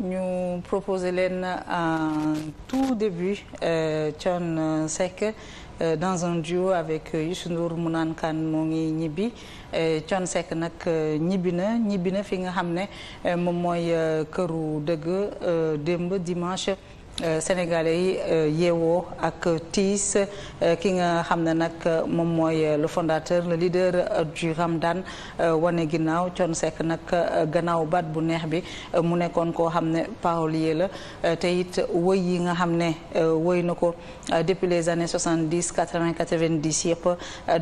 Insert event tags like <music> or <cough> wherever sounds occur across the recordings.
ñu proposé leen en tout début euh, Thione Seck euh, dans un duo avec euh, Youssou Ndour mu naan kan moo ngi ñibbi Thione Seck nag ñibbi na ñibbi na fi nga xam ne moom mooy këru dëgg démb dimanche Euh, sénégalais yi euh, yeewoo ak tiis euh, ki nga xam ne nag moom mooy le fondateur le leader du Ramdan wane ginnaaw Thione Seck nag gannaaw baat bu neex bi mu nekkoon koo xam ne parolier la te it woy yi nga xam ne woy na ko depuis les années 70 80 90 yëpp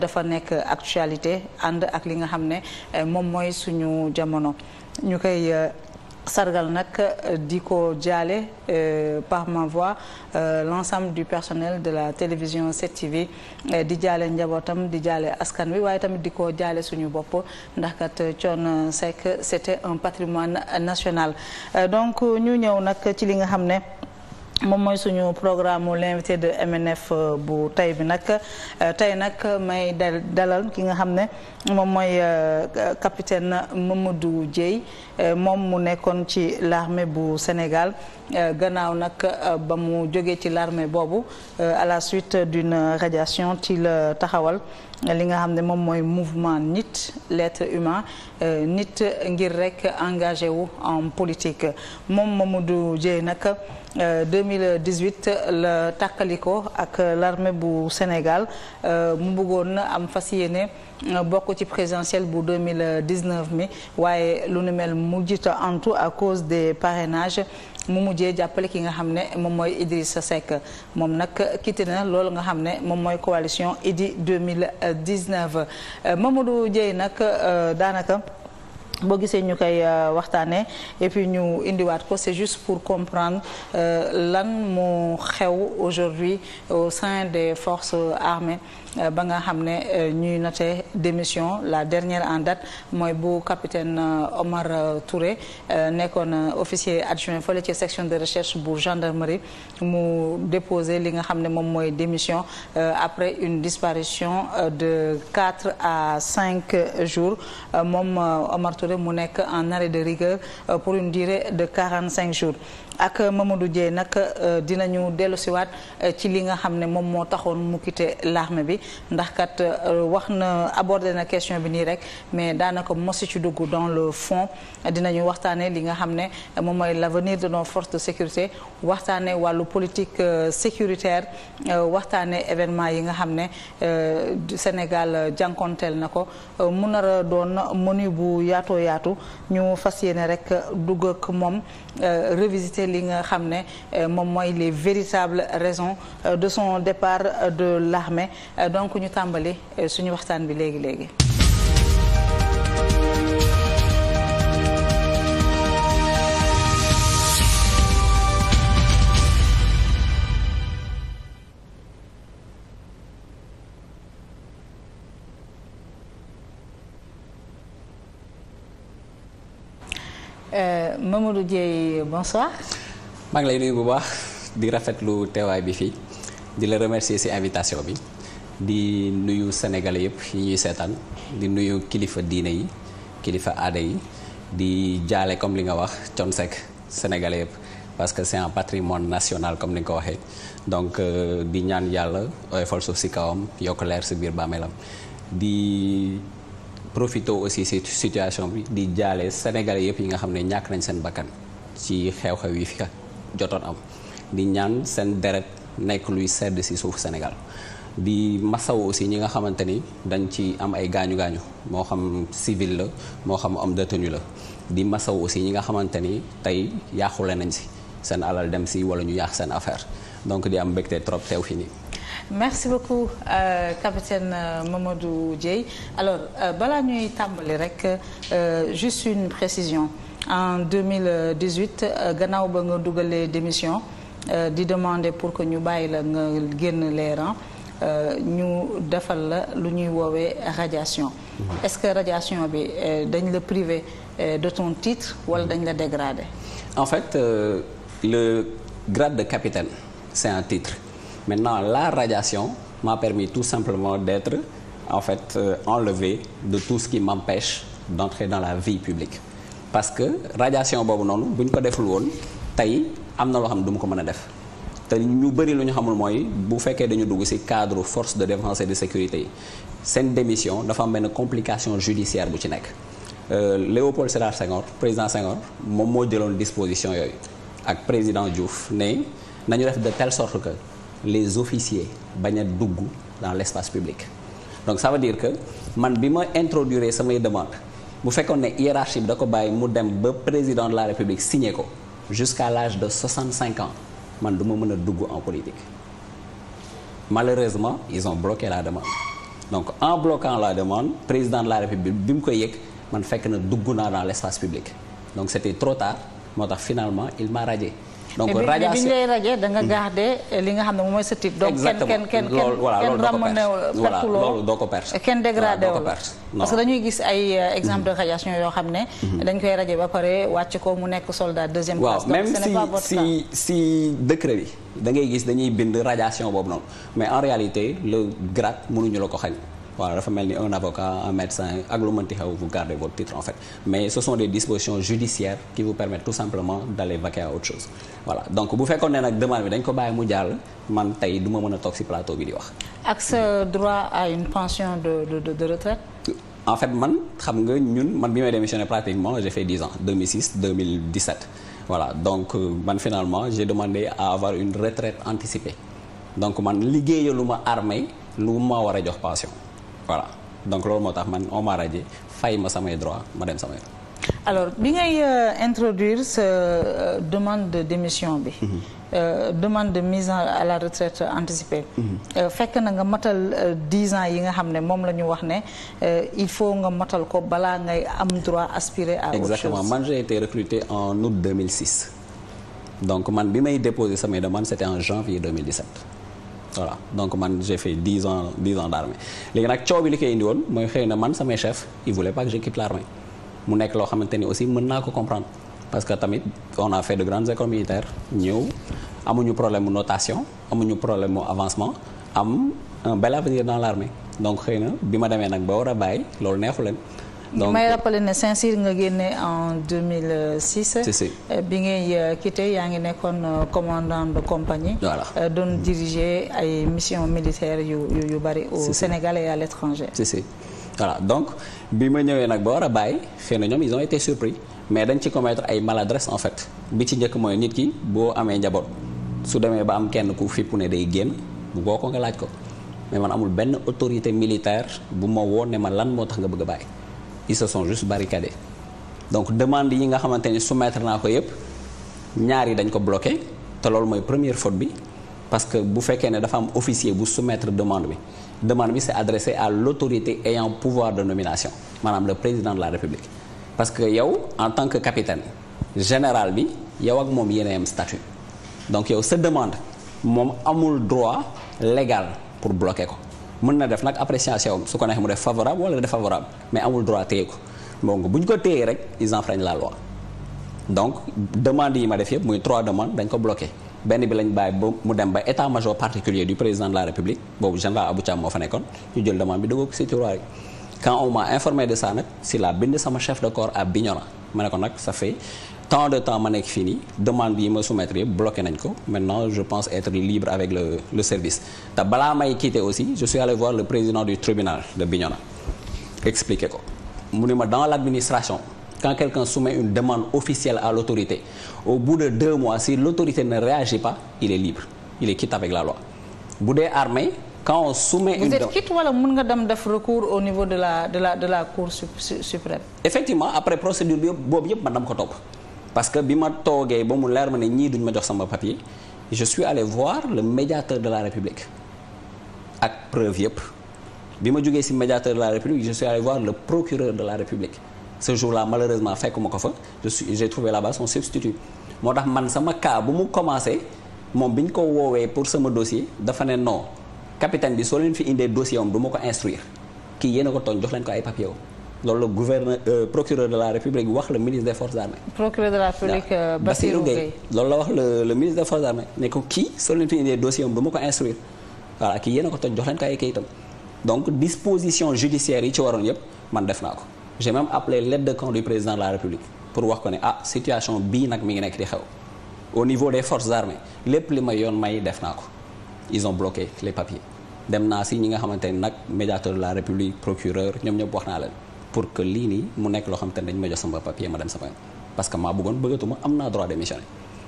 dafa nekk actualité ànd ak li nga xam ne moom mooy suñu jamono ñu koy sargal nag euh, di ko jaale euh, par ma voix euh, l'ensemble du personnel de la télévision 7TV euh, di jaale njabootam di jaale askan wi waaye tamit di ko jaale suñu bopp ndax kat Thione c'était un patrimoine national euh, donc ñu ñëw nag ci li nga xam ne moom mooy suñu programme l'invité de MNF bu tey bi nag tey nag may dalal ki nga xam ne moom mooy capitaine Mamadou Dieye Euh, moom mu nekkoon ci larme bu Sénégal euh, gannaaw nag euh, ba mu jógee ci l'armée boobu à la suite d'une radiation ci la taxawal li nga xam ne moom mooy mouvement nit l'être humain nit ngir rek engagé wu en politique moom Mamadou Dièye nag 2018 la tàkkaliko ak larme bu Sénégal mu bëggoon am fas yéene bokk ci présidentielle bu 2019 mi waaye lu nu mel mu jita antu à cause des parrainages mu mujjee jàppale ki nga xam ne moom mooy Idrissa Seck moom nag quitté na loolu nga xam ne moom mooy coalition Idy 2019 euh, Mamadou Dieye nag euh, daanaka boo gisee ñu koy euh, waxtaanee et puis ñu indiwaat ko c'est juste pour comprendre lan mu xew aujourd'hui au sein des forces armées Euh, ba nga xam ne euh, ñuy noté démission la dernière en date mooy bu capitaine euh, Omar Touré nekkoon officier adjoint fële ci section de recherche bu gendarmerie mu déposé li nga xam ne moom mooy démission après une disparition de quatre à cinq jours moom Omar Touré mu nekk en arrêt de rigueur pour une durée de quarante cinq jours ak Mamadou Dieye nag euh, dinañu dellusiwaat euh, ci li nga xam ne moom moo taxoon mu quitté bi ndax kat euh, wax na abordé na question bi nii rek mais daanaka mosi ci dugg dans le fond ñu waxtaanee li nga xam ne moom mooy l'avenir de nos forces de sécurité waxtaanee wàllu politique sécuritaire waxtaanee événement yi nga xam ne Sénégal jànkonteel na ko mu nar doon menu bu yaatoo yaatu ñu fas yéene rek dugg ak moom revisiter. dénoncé li nga xam ne euh, moom mooy les véritables raisons euh, de son départ euh, de l'armée donc ñu tàmbali suñu waxtaan bi léegi léegi Mamadou Dieye bonsoir. maa ngi lay nuyu bu baax di rafetlu teewaay bi fii di la remercier ci invitation bi di nuyu sénégalais yëpp yi ñuy seetaan di nuyu kilifa diine yi kilifa aada yi di jaale comme li nga wax Thione Seck sénégalais yëpp parce que c'est un patrimoine national comme ni nga ko waxee donc euh, di ñaan yàlla oyofal suuf ci kawam yokk leer ci biir bàmmeelam di. profité aussi si situation bi di jaalee sénégalais yëpp yi nga xam ne ñàkk nañ seen bakkan ci xew-xew yi fi jotoon am di ñaan seen deret nekk luy sedd si suuf Sénégal di masaw aussi ñi nga xamante ni dañ ci am ay gaañu gaañu moo xam civil la moo xam homme de la di masaw aussi ñi nga xamante ni tey yàqule nañ si seen alal dem si wala ñu yàq seen affaire donc di am mbégte trop teew fi nii. merci beaucoup euh, capitaine euh, Mamadou Dieye alors euh, balaa ñuy tàmbali rek euh, juste une précision en 2018 gannaaw ba nga dugalee démission di demander pour que ñu bàyyi la nga génn les rangs ñu defal la lu ñuy woowee radiation mm-hmm. est-ce que radiation bi dañ la privé de ton titre wala dañ la dégradé en fait euh, le grade de capitaine c'est un titre Maintenant, la radiation m'a permis tout simplement d'être en fait euh, enlevé de tout ce qui m'empêche d'entrer dans la vie publique parce que radiation boobu noonu bu ñu ko deful woon tey am na loo xam ne du mu ko mën a def te ñu bëri lu ñu xamul mooy bu fekkee dañu dugg ci cadre force de défense et de sécurité seen démission dafa am benn complication judiciaire bu ci nekk euh, Léopold Sédar Senghor président Senghor moom moo jëloon disposition yooyu ak président Diouf ne nañu def de telle sorte que les officiers bañ a dugg dans l'espace public donc ça veut dire que man bi ma introduire samay demande bu fekkoon ne hiérarchie bi da ko bàyyi mu dem ba président de la république signé ko jusqu'à l'âge de cinq ans man du ma mën a dugg en politique malheureusement ils ont bloqué la demande donc en bloquant la demande président de la république bi mu koy yëg man fekk na dugg naa dans l'espace public donc c'était trop tard moo tax finalement il m'a donc raja bi ñu lay rajee da nga hmm. garder li nga xam ne moom mooy sa type. donc kenn kenn kenn kenn ramonewul pertu loolu doo ko perte kenn dégradé wul parce que dañuy gis ay euh, hmm. exemple de radiation yoo xam ne hmm. dañ koy raje ba pare wàcc ko mu nekk soldat deuxième classe donc ce n'est pas votre cas même si si décret bi da ngay gis dañuy bind radiation boobu noonu mais en réalité le grade mënuñu la ko xañ waaw dafa mel ni un avocat un médecin ak lu mënti xew vous gardez votre titre en fait mais ce sont des dispositions judiciaires qui vous permettent tout simplement d'aller vaquer à autre chose voilà donc bu fekkoon ne nag demande dañ ko bàyyi mu jàll man tey du ma mën a toog ci plateau bi di wax. ak sa droit à une pension de de en fait man xam nga ñun man bi may démissionné pratiquement j'ai fait 10 ans 2006 2017 voilà donc euh, man finalement j'ai demandé à avoir une retraite anticipée donc man liggéeyaluma armée lu ma war a jox pension. voilà donc loolu moo tax man on m'a radié fay ma samay droit ma dem samay alors bi ngay euh, introduire sa euh, demande de démission bi mhm. euh, demande de mise à la retraite anticipée mhm. fekk na nga matal dix ans yi nga xam ne moom la ñu wax ne il faut nga matal ko balaa ngay am droit aspirer à exactement man j'ai été recruté en août 2006 donc man bi may déposer samay demande c'était en janvier voilà donc man j'ai fait dix ans dix ans d'armée léegi nag coow li koy indi mooy xëy na man samay chef il voulait pas que je l'armée mu nekk loo xamante ni aussi mën naa ko comprendre parce que tamit on a fait de grandes écoles militaires ñëw amuñu problème mu notation amuñu problème mu avancement am un bel avenir dans l'armée donc xëy na bi ma demee nag ba war a bàyyi loolu neexu leen donc may rappelé ne Saint-Cyr nga génne en 2006. Euh, bi ngay euh, quitté yaa ngi nekkoon euh, commandant de compagnie. voilà doon ay missions militaires yu yu yu bari. au Sénégal et à l'étranger. si si voilà donc bi ma ñëwee nag ba war a bàyyi xëy na ñoom ils ont été surpris mais dañ ci commettre ay maladresse en fait bi ci njëkk mooy nit ki boo amee njaboot su demee ba am kenn ku fippu ne day génn bu boo ko nga laaj ko mais man amul benn autorité militaire bu ma woon ne ma lan moo tax nga bëgg a bàyyi. ils se sont juste barricadés donc demande yi nga xamante ni soumettre naa ko yëpp ñaar yi dañ ko bloqué te loolu mooy première faute bi parce que bu fekkee ne dafa am officier bu sumetre demande bi demande bi c'est adressé à l'autorité ayant pouvoir de nomination maanaam le président de la république parce que yow en tant que capitaine général bi yow ak moom yéen am statut donc yow sa demande moom amul droit légal pour bloquer ko mën na def nag appréciation su ko neexee mu def favorable wala défavorable mais amul droit téye ko donc bu ñu ko téyee rek ils enfreignent la loi donc demande yi ma def yëpp muy trois demandes dañ ko bloqué benn bi lañ bàyyi ba mu dem ba état major particulier du président de la république boobu général Abou Thiam moo fa nekkoon ñu jël demande bi dugg ko si tiroir yi quand informé de ça nag si la bind sama chef de corps à Bignona ma ne ko nag ça fait temps de temps ma nekk fii nii demande yi ma soumettre yëpp bloqué nañ ko maintenant je pense être libre avec le le service te balaa may quitter aussi je suis allé voir le président du tribunal de Bignona expliqué ko mu ne ma dans l'administration quand quelqu'un soumet une demande officielle à l'autorité au bout de deux mois si l'autorité ne réagit pas il est libre il est quitte avec la loi bu dee armée quand on soumet vous une êtes quitte wala mën nga dem def recours au niveau de la de la de la cour suprême effectivement après procédure boobu yëpp man dama ko topp parce que bi ma toogee ba mu leer ma ne ñii duñ ma jox sama papier je suis allé voir le médiateur de la République ak preuve yëpp bi ma jógee ci médiateur de la République je suis allé voir le procureur de la République ce jour-là malheureusement fekkuma ko fa je suis j'ai trouvé là-bas son substitut moo tax man sama cas bu mu commencé moom bi ñu ko woowee pour sama dossier dafa ne non capitaine bi soo leen fi indee dossier am du ma ko instruire kii yéen ko tooñ jox leen ko ay papier loolu la gouverneur euh, procureur de la république wax la ministre des forces armées. procureur de la république ah, euh, Bassirou Gueye loolu la wax le le ministre des forces armées ne ko kii soo leen fi indee dossier am du ko instruire voilà a ko toj jox leen ko ay kayitam donc disposition judiciaire yi ci waroon yëpp man def naa ko j'ai même appelé l'aide de camp du président de la république pour wax ko ne ah situation bii nag mi ngi nekk di xew au niveau des forces armées lépp li ma yoon may def naa ko ils ont bloqué les papiers dem naa si ñi nga xamante ni nag médiateur de la république procureur ñoom ñëpp wax naa leen pour que lii nii mu nekk loo xam te ne dañu ma jox sama papier ma dem sama parce que maa bëggoon bëggatuma am naa droit de démissionner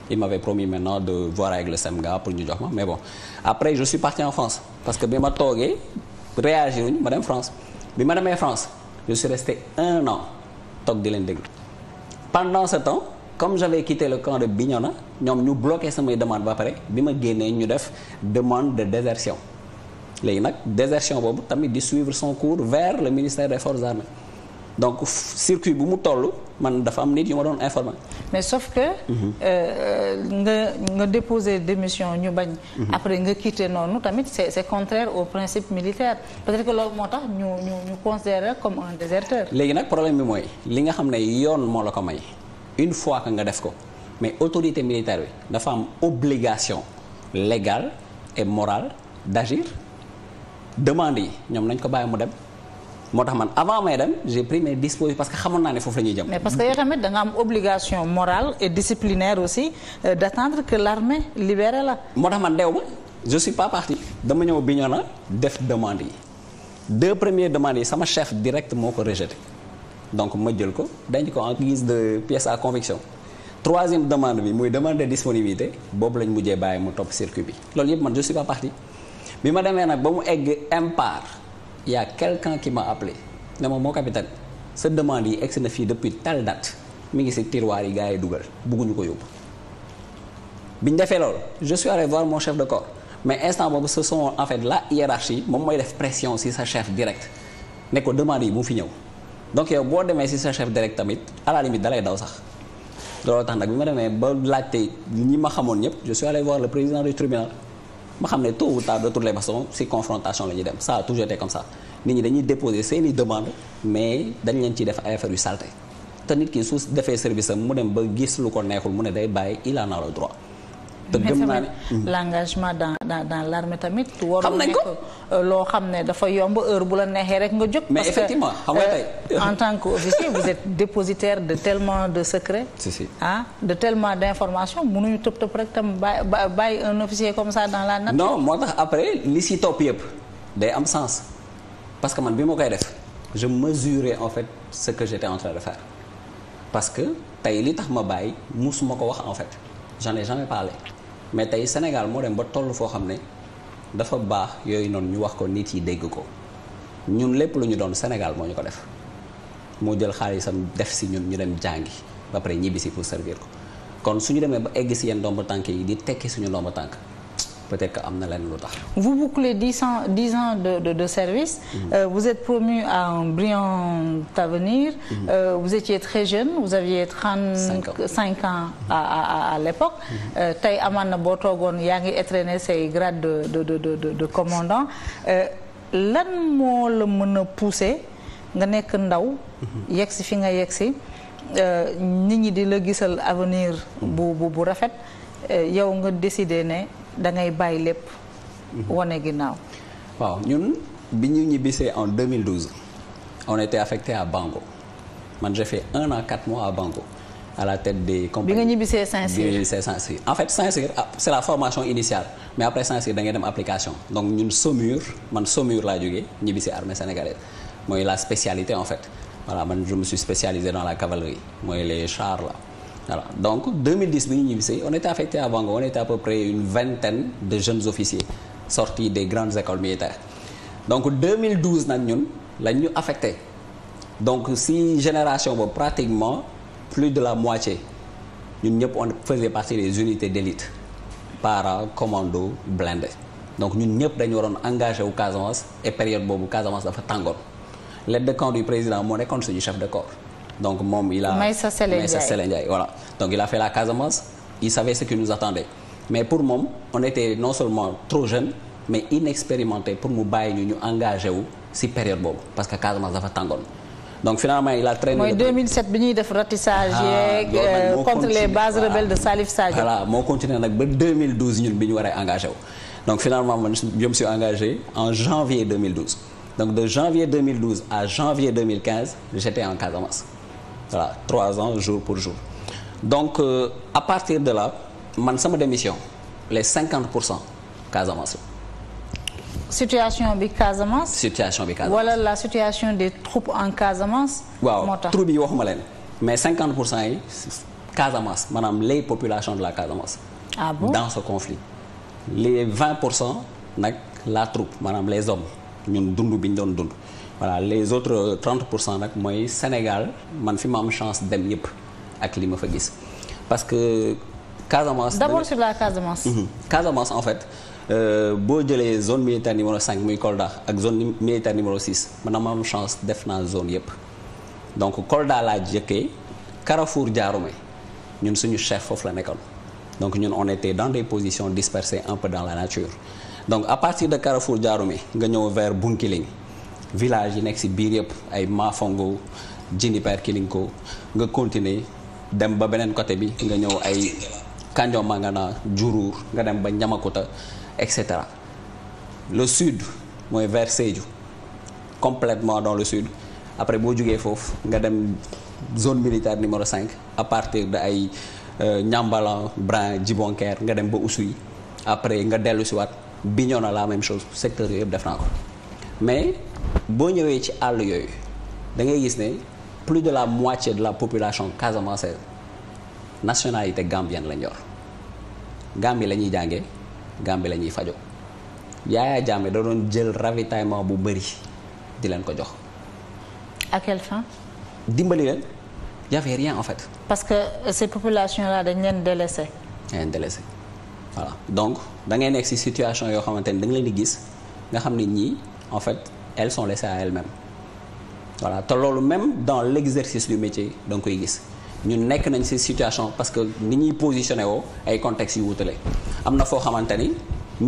il m'avait promis maintenant de voir avec le SEMGA pour ñu jox ma mais bon après je parti en France parce que bi ma toogee réagir wuñu ma dem France bi ma demee France je suis resté un an toog di leen déglu pendant ce temps comme j'avais quitté le camp de na ñoom ñu bloqué samay demande ba pare bi ma génnee ñu def demande de désertion léegi nag désertion boobu tamit di suivre son cours vers le ministère donc circuit bu mu toll man dafa am nit yu ma doon informé. mais sauf que. Mhm. Euh, nga nga déposer démission ñu bañ. Mhm. après nga quitter noonu tamit c' est c' est contraire au principe militaire peut être que loolu moo tax ñu ñu ñu considéré comme un déserteur. léegi nag problème bi mooy li nga xam ne yoon moo la ko may une fois que nga def ko mais autorité militaire bi dafa am obligation légale et morale d' agir demande yi ñoom nañ ko bàyyi mu dem. moo tax man avant may dem j'ai pris mes dispositions parce que xamoon naa ne foofu la ñuy jëm. mais parce que yow tamit da am obligation morale et disciplinaire aussi euh, d'attendre que l'armée libéré la. moo tax man deew ma je suis pas parti. dama ñëw Bignona def demande yi deux premières demandes yi sama chef direct moo ko rejeté donc ma jël ko denc ko en gis de pièce à conviction. troisième demande bi muy demande de disponibilité boobu lañ mujjee bàyyi mu topp circuit bi loolu yëpp man je ma demee nag ba mu egg impar yaa y a quelqu'un qui m'a appelé ne ma moo capitaine sa demande yi si na fii depuis telle date mi ngi si tiroir yi gars yi dugal bugguñu ko yóbbu ñu defee loolu je suis allé voir mon de corps mais instant boobu ce sont en fait la hiérarchie moom mooy def pression si sa chef direct ne ko demande yi mu fi ñëw donc yow boo demee si sa chef direct tamit à la limite dalay daw sax loolu tax nag bi ma demee ba laajte ñi ma xamoon ñëpp je suis voir le président du tribunal ma xam ne tôt ou tard de toutes les façons si confrontation la ñuy dem ça a toujours été comme ça nit ñi dañuy déposer seeni demande mais dañ leen ciy def ay affaire yu salté te nit ki su defee service am mu dem ba gis lu ko neexul mu ne day bàyyi il en a droit te gëm naa ne l'engagement dans dans tamit. xam nañ loo xam ne dafa yomb heure bu la neexee rek nga jóg. mais effectivement xam nga tey euh, en tant que officier vous êtes dépositaire de tellement de secrets. si si ah de tellement d'informations mënuñu tëb tëb rek tam bàyyi bàyyi un officier comme ça dans la nature. moo tax après li si topp yëpp day am sens parce que man bi ma koy def je mesurais en fait ce que j'étais en train de faire parce que tey li tax ma bàyyi musuma ko wax en fait j'en mais tey Sénégal moo dem ba toll foo xam ne dafa baax yooyu noonu ñu wax ko nit yi dégg ko ñun lépp lu ñu doon Sénégal moo ñu ko def moo jël xaalisam def si ñun ñu dem jàngi ba pare ñibbisi si pour servir ko kon suñu demee ba egg si yenn ndomba tànk yi di tekki suñu ndomba tànk peut-être am na lenn lu tax. vous bouclez dix ans de de de service. Mm-hmm. Euh, vous êtes promu à un brillant avenir. Mm-hmm. Euh, vous très jeune vous aviez trente cinq ans à à l'époque. Mm-hmm. Euh, tey amaan na boo toogoon yaa ngi étraîner say grade de de de de commandant euh, lan moo la mën a pousser nga nekk ndaw. yegg si fi nga yegg si euh, nit ñi di la gisal avenir bu bu bu rafet yow nga décider ne. da bàyyi lépp. wane ginnaaw. waaw ñun bi ñu ñibbisee en 2012 on était affecté à Bango man j'ai fait un an quatre mois à Bango à la tête des compagnies. bi nga ñibbisee Saint-Cyr bi nga en fait Saint-Cyr ah, c'est la formation initiale mais après Saint-Cyr da ngay dem application donc ñun Saumur man Saumur laa jógee ñibbisee armée sénégalaise mooy la spécialité en fait voilà man je me spécialisé dans la cavalerie mooy les chars la voilà donc 2010 bi ñu ñibbisee on était affecté à Bango on était à peu près une vingtaine de jeunes officiers sorti des grandes écoles militaires donc 2012 nag ñun lañ ñu affecté donc si génération boobu pratiquement plus de la moitié ñun ñëpp on faisait partie des unités d'élite para commando blindé donc ñun ñëpp dañu waroon engagé wu Casamance et période boobu Casamance dafa tàngoon l'aide de camp du président moo nekkoon suñu chef de corps donc moom i a Maïssa Sélé Ndiaye Maïssa Sélé Ndiaye voilà donc il la Casamance il savait ce qui nous attendait mais pour moom on était non seulement trop jeune mais inexpérimenté pour mu bàyyi ñu ñu engagé wu si période boobu parce que Casamance dafa tàngoon donc finalement il a traîné. mooy 2007 bi ñuy ratissage ah, euh, contre les bases rebelles de Salif Sadio. voilà moo continué nag ba 2012 ñun bi ñu war a engagé wu. donc finalement en janvier 2012 donc de janvier 2012 à janvier 2015 j'étais en Casamance. voilà trois ans jour pour jour donc euh, à partir de la man sama démission les cinquante pour cent Casamance situation bi Casamance. situation bi Casamance wala la situation des troupes en Casamance. waaw troupes yi waxuma leen mais cinquante pour cent yi Casamance maanaam les population de la Casamance. ah bon dans ce conflit. les vingt pour cent nag la troupe maanaam les hommes ñun dund bi ñu doon dund. voilà les autres 30 euh, pour cent nag mooy Sénégal man fi ma am chance dem yëpp ak li ma fa gis parce que Casamance. d'abord sur la Casamance. Mhm. Casamance en fait euh, boo jëlee zone militaire numéro cinq muy Kolda ak zone militaire numéro 6 man dama am chance def naa zone yëpp donc Kolda laa jëkkee Carrefour Diaroumé ñun suñu chef foofu la nekkoon donc ñun on était dans des positions dispersées un peu dans la nature donc à partir de Carrefour Diaroumé nga ñëw vers Bounkiling village yi nekk si biir yëpp ay Mafango Djiniper Kilinko nga continuer dem ba beneen côté bi nga ñëw ay Kanjo Mangana Djuruur nga dem ba Ñamakuta et cetera le sud mooy vers Sédhiou complètement dans le sud après boo jugee foofu nga dem zone militaire numéro 5 à partir de ay Ñambalan euh, Brin Djibonker nga dem ba Oussouye après nga dellu si waat na la même chose secteur yooyu yëpp def naa ko mais boo ñëwee ci àll yooyu da ngay gis ne plus de la moitié de la population casamançaise nationalité gambienne lañ yor Gambie la ñuy jàngee Gambie la fajo yaaya Jammeh da doon jël ravitaillement bu bëri di leen ko jox. à quelle fin. dimbali leen y rien en fait. parce que ces populations là dañ leen délaissé. dañ leen délaissé waa donc da ngay nekk ci situation yoo xamante ni da leen di gis nga xam ne ñii en fait. elles sont laissées à elles-mêmes voilà te loolu même dans l'exercice du métier da nga koy gis ñun nekk nañ ci situation parce que ni ñuy positionné woo ay contextes yu wutale am na foo xamante ni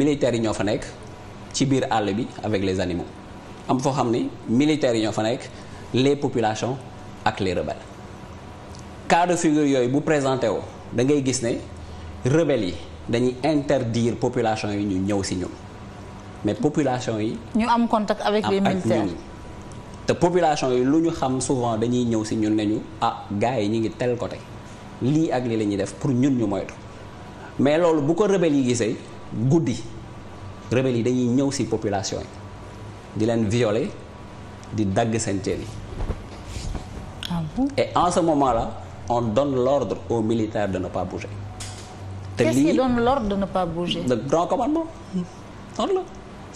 militaires yi ñoo fa nekk ci biir àll bi avec les animaux am foo xam ni militaires yi ñoo fa nekk les populations ak les rebelles cas de figure yooyu bu présenté woo da ngay gis ne rebelles yi dañuy interdire population yi ñu ñëw si ñun mais population yi. ñu am contact avec les militaires te population yi lu ñu xam souvent dañuy ñëw si ñun nañu ñu ah gars yi ñu ngi tel côté lii ak lii la ñuy def pour ñun ñu moytu mais loolu bu ko rebelle yi gisee guddi rebelle yi dañuy ñëw si population yi di leen violer di dagg seen cër yi. Ah et en ce moment là on donne l'ordre aux militaires de ne pas bouger. te lii qu'est-ce qui donne l'ordre de ne pas bouger. grand commandement hmm.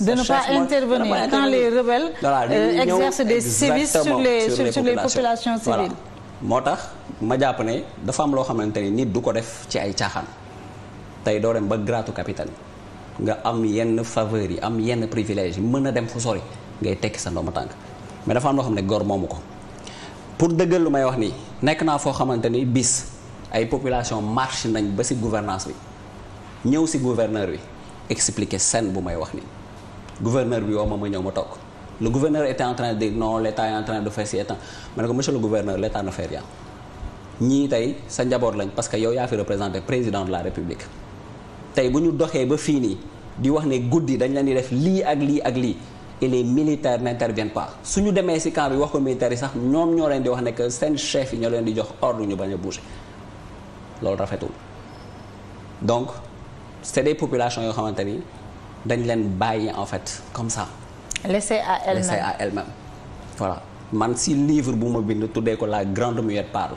de ne pas intervenir quand les rebelles euh, exercent des sévices sur les sur, les populations civiles moo tax ma jàpp ne dafa am loo xamante ni nit du ko def ci ay caaxaan tey doo dem ba gratu capitaine nga am yenn faveur yi am yenn privilège yi mën a dem fu sori ngay tekki sa ndooma tànk mais dafa am loo xam ne gor moomu ko pour dëggal lu may wax nii nekk naa foo xamante ni bis ay population marché nañ ba ci gouvernance bi ñëw si gouverneur bi expliquer sen bu may wax nii gouverneur bi woo ma ma ñëw ma toog le gouverneur était en train de dire non l' état est en de faire ci état ma ne ko monsieur gouverneur l' état ne fait ñii tey sa njaboot lañ parce que yow yaa fi représenté président de la république tey bu ñu doxee ba fii nii di wax ne guddi dañ leen di def lii ak lii ak lii et les militaires n'interviennent pas su ñu demee ci camp bi wax ko militaires yi sax ñoom ñoo leen di wax ne que seen chef yi ñoo leen di jox ordre ñu bañ a bouger loolu rafetul donc c'est des populations yoo xamante ni. dañ leen bàyyi en fait comme ça. laissé à elle-même laissé à elle voilà man si livre bu ma bind tuddee ko la grande muette parle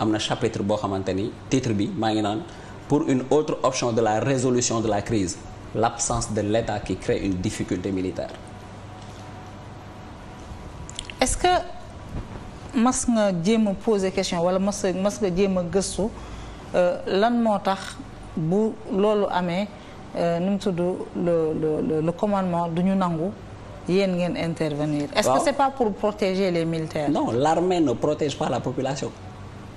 am na chapitre boo xamante ni titre bi maa ngi naan pour une autre option de la résolution de la crise l'absence de l'État qui crée une difficulté militaire. est-ce que mas nga jéem a poser question wala mas mas nga jéem a gëstu euh, lan moo tax bu loolu amee. Euh, nu mu tudd le le le commandement du ñu nangu yéen ngeen intervenir. est-ce que c'est pas pour protéger les militaires. non l'armée ne protège pas la population.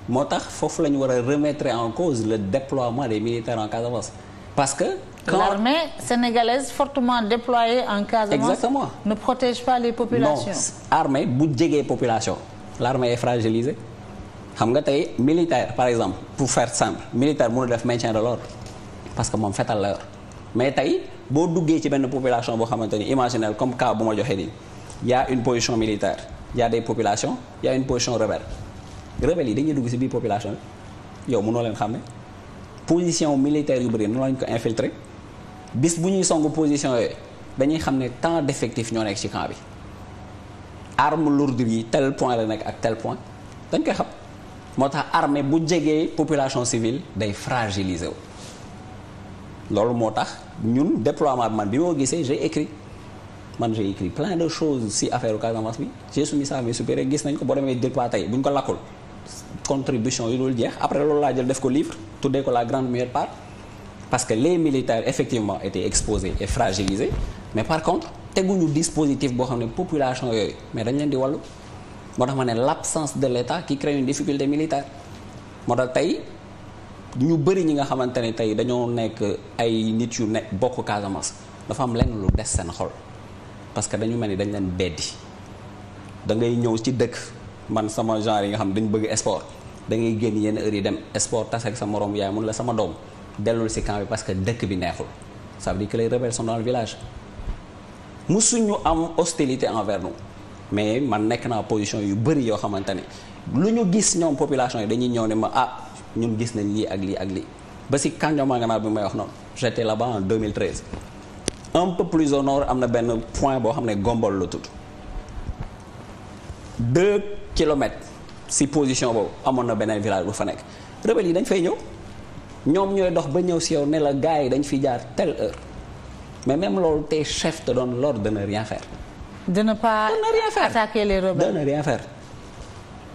moo tax foofu la ñu war a remettre en cause le déploiement des militaires en Casamance parce que. quand l'armée sénégalaise fortement déployée en Casamance. exactement ne protège pas les populations. non armée bu jege population. l'armée est fragilisée xam nga tey militaire par exemple pour faire simple militaire mënu def maintien de l'ordre parce que moom fetal mais tey boo duggee ci benn population boo xamante ni imaginel comme cas bu ma joxe nii y a une position militaire y a des populations y une position rebelle rebelle yi dañuy dugg si biir population bi yow mënoo leen xam ne position militaire yu bëri noonu lañ ko infiltrer bis bu ñuy song position yooyu dañuy xam ne tant d'effectifs ñoo nekk ci camp bi arme lourde yi tel point la nekk ak tel point dañ koy xam moo tax armée bu jegee population civile day fragiliser wu loolu moo tax ñun déploiement bi man bi ma gisee j'ai écrit man j'ai écrit plein de choses si affaire Casamance bi j'ai soumis ça à gis nañ ko boo demee DIRPA tey bu ñu ko lakkul contribution yi dul jeex après loolu laa jël def ko livre tuddee ko la grande meilleure part parce que les militaires effectivement étaient exposés et fragilisés mais par contre teguñu dispositif boo xam ne population yooyu mais dañ leen di wàllu moo tax ma ne l'absence de l'État qui crée ñu bëri ñi nga xamante ne tey dañoo nekk ay nit yu ne bokk Casamance dafa am lenn lu des seen xol parce que dañu mel ni dañ leen beddi da ngay ñëw ci dëkk man sama genre yi nga xam dañ bëgg sport da ngay génn yenn heure yi dem sport tas ak sa morom yaay mun la sama doom dellul si camp bi parce que dëkk bi neexul ça veut dire que les rebelles sont dans le village musuñu am hostilité envers nous mais man nekk naa position yu bëri yoo xamante ne lu ñu gis ñoom population yi dañuy ñëw ne ma ah ñun gis nañ lii ak lii ak lii ba si Kandiamanganaar bi may wax noonu j'étais la bas en 2013 un peu plus au nord am na benn point boo xam ne Gombol la tudd deux kilomètres si position boobu amoon na beneen village bu fa nekk rebelle yi dañ fay ñëw ñoom ñooy dox ba ñëw si yow ne la gars yi dañ fi jaar telle heure mais même loolu tey chef te doon l'ordre de ne rien faire. de les rebelles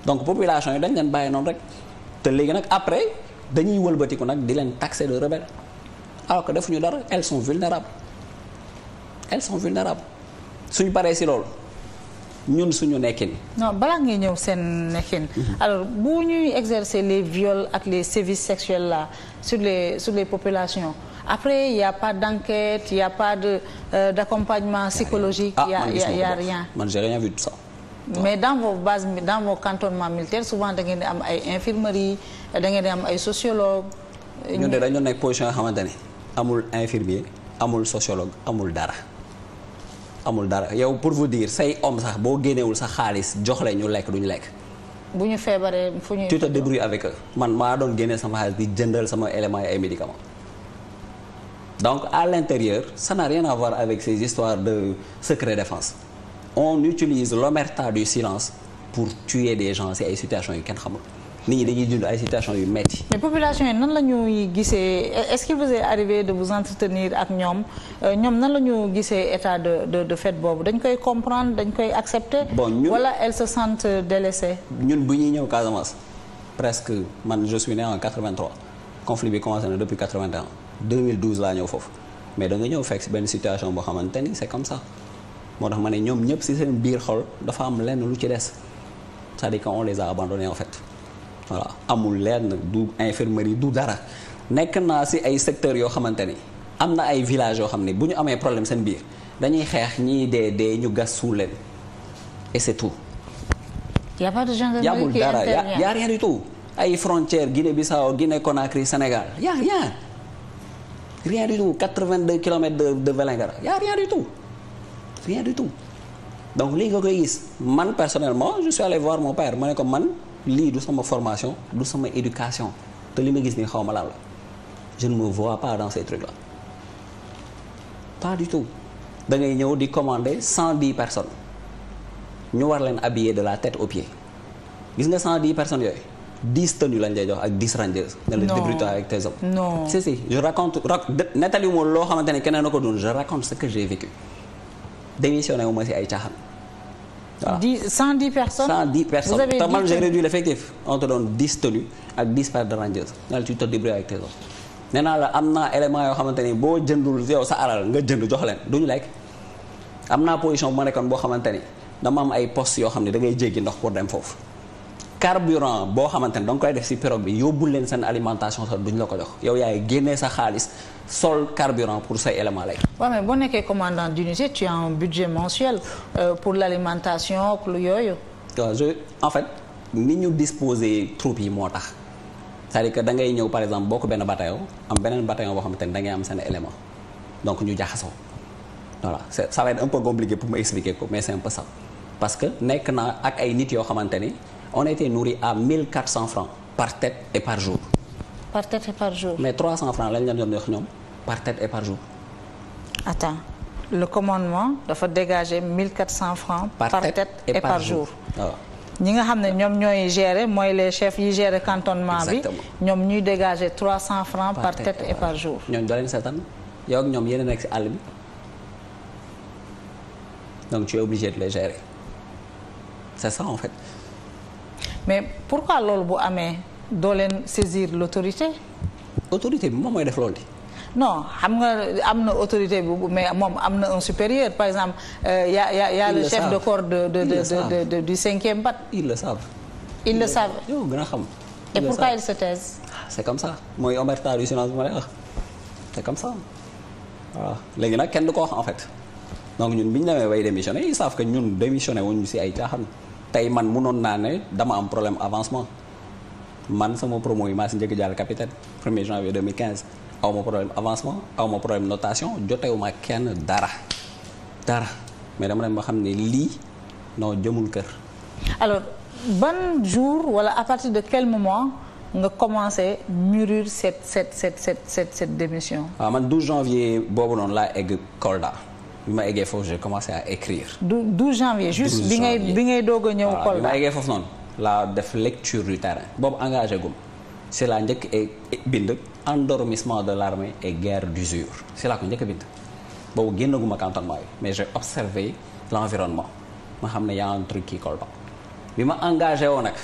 donc population yi dañ leen bàyyi noonu rek te léegi nag après dañuy walbatiku nag di leen taxer de rebelle alors que defuñu dara elles sont vulnérables elles sont suñu paree si loolu ñun suñu nekkin. non balaa ngi ñëw seen nekkin. Mhm. alors bu ñuy exercer les viols ak les sévices sexuels la sur les sur les populations après il y a pas d'enquête il a pas de euh, d'accompagnement psychologique. ah y a rien man j'ai rien mais dans vos bases dans vos cantonnements militaires souvent da ngeen di am ay infirmerie da di am ay sociologue ñun de dañu nekk position yoo xamante ne amul infirmier amul sociologue amul dara amul dara yow pour vous dire say homme sax boo génnewul sa xaalis jox leen ñu lekk duñu lekk. bu ñu feebaree fu ñuy. tu te débrouilles avec eux man maa doon génne sama xaalis di jëndal sama élément yi ay médicaments. donc à l'intérieur ça n'a rien à voir avec ces histoires de secret défense. on utilise l'omerta du silence pour tuer des gens si ay situations yu kenn xamul nit ñi dañuy dund ay situations yu metti mais population yi nan la ñuy gisee est-ce qu'il vous est arrivé de vous entretenir ak ñoom euh, ñoom nan la ñu gisee état de de de fait boobu dañ koy comprendre dañ koy accepter. bon ñun wala elles se ñun bu ñuy ñëw Casamance presque man je suis né en 83 conflit bi commencé na depuis laa ñëw foofu mais da nga ñëw fekk benn situation boo xamante ni c'est comme ça. moo tax ma ne ñoom ñëpp si seen biir xol dafa am lenn lu ci des cest à on les a abandonnés en fait voilà amul lenn du infirmerie du dara nekk naa si ay secteurs yoo xamante ni am na ay villages yoo xam ne bu ñu amee problème seen biir dañuy xeex ñii dee dee ñu gas suul leen et c'est tout. y a pas amul dara y a rien du tout ay frontières Guinée-Bissau Guinée Conakry Sénégal y a rien rien du tout 82 kilomètres de de Vélingara y a rien du tout. rien du tout donc lii nga koy gis man personnellement je suis allé voir mon père ma ne ko man lii du sama formation du sama éducation te li ma gis ni xaw ma lan la je ne me vois pas dans ces trucs là pas du tout da ngay ñëw di commander cent dix personnes ñu war leen habiller de la tête aux pieds gis nga cent dix personnes yooyu dix tenues lañ lay jox ak dix rangers nga la débrouille avec tes non si si je raconte ne keneen na ko raconte ce que j'ai vécu démissionné wu ma si ay caaxaan. voilà dix cent dix personnes. cent dix personnes te man j'ai réduit l'effectif on te donne dix tenues ak dix paires de rangeuses nga ne naa la am na élément yoo xamante ni boo jëndul yow sa alal nga jënd jox leen duñu ñu lekk am naa position bu ma nekkoon boo xamante ni dama am ay postes yoo xam ne da ngay jéggi ndox pour dem foofu. carburant boo xamante ne da nga koy def ci pirogue bi yóbbul leen seen alimentation sax duñ la ko jox yow yaay génnee sa xaalis sol carburant pour say élément lay. waaw mais boo nekkee commandant d'unité tu as un budget mensuel euh, pour l'alimentation ak lu yooyu. waaw je en fait ni ñu disposer troupes yi moo tax cest à da ngay ñëw par exemple bokk benn bataillon am beneen bataillon boo xamante ne da ngay am seen élément donc ñu jaxasoo voilà c'est ça va ko mais c'est un parce que nekk naa ak ay nit yoo xamante ni. on était nourri à 1400 francs par tête et par jour. par tête et par jour. mais 300 francs lañ leen doon jox ñoom par tête et par jour. attends le commandement dafa dégager 1400 francs. par, par tête, et, par jour ah. ñi nga xam ne ñoom ñooy gérer mooy les chefs yi gérer cantonnement bi. ñoom ñuy dégager 300 francs par, par tête, et par jour. ñoom doo sa seetaan yow ak ñoom yéen a nekk si àll bi donc tu es obligé de les gérer c'est ça en fait. mais pourquoi loolu bu amee doo leen saisir l' autorité. autorité bi moom mooy def loolu di. non xam nga am na autorité bu mais moom am na un supérieur par exemple euh, y a chef de corps de de de, de de de du cinquième BAT. ils le savent. ils le savent. yow gën a xam. et pourquoi ils se taisent. Ah, c' comme ça mooy omerta du silence bu ma lay wax c' est comme ça waaw léegi nag kenn du ko wax en fait donc ñun bi ñu demee bay démissionné ils savent que ñun démissionné wuñu si ay caaxaan. tey man mënoon naa ne dama am problème avancement man sama promo yi maa si njëkk jàll capitaine 1er janvier 2015 aw ma problème avancement aw ma problème notation jotewuma kenn dara dara mais dama dem ma xam ne lii noo jëmul kër. alors ban jour wala à partir de quel moment nga commencé mûrir cette cette cette cette cet démission. waaw ah, man 12 janvier boobu noonu laa egg Kolda. bi ma eggee foofu j'ai commencé à écrire. du 12 janvier juste bi ngay bi ngay doog a ñëw. Kolda bi ma eggee foofu noonu laa def lecture du terrain. boobu engagé gum si laa njëkk a e, e, bind endormissement de l'armée et guerre d'usure si laa ko njëkk a bind. boobu génnaguma cantonnement bi mais j'ai observé l'environnement ma xam ne y a un truc bi ma engagé woo nag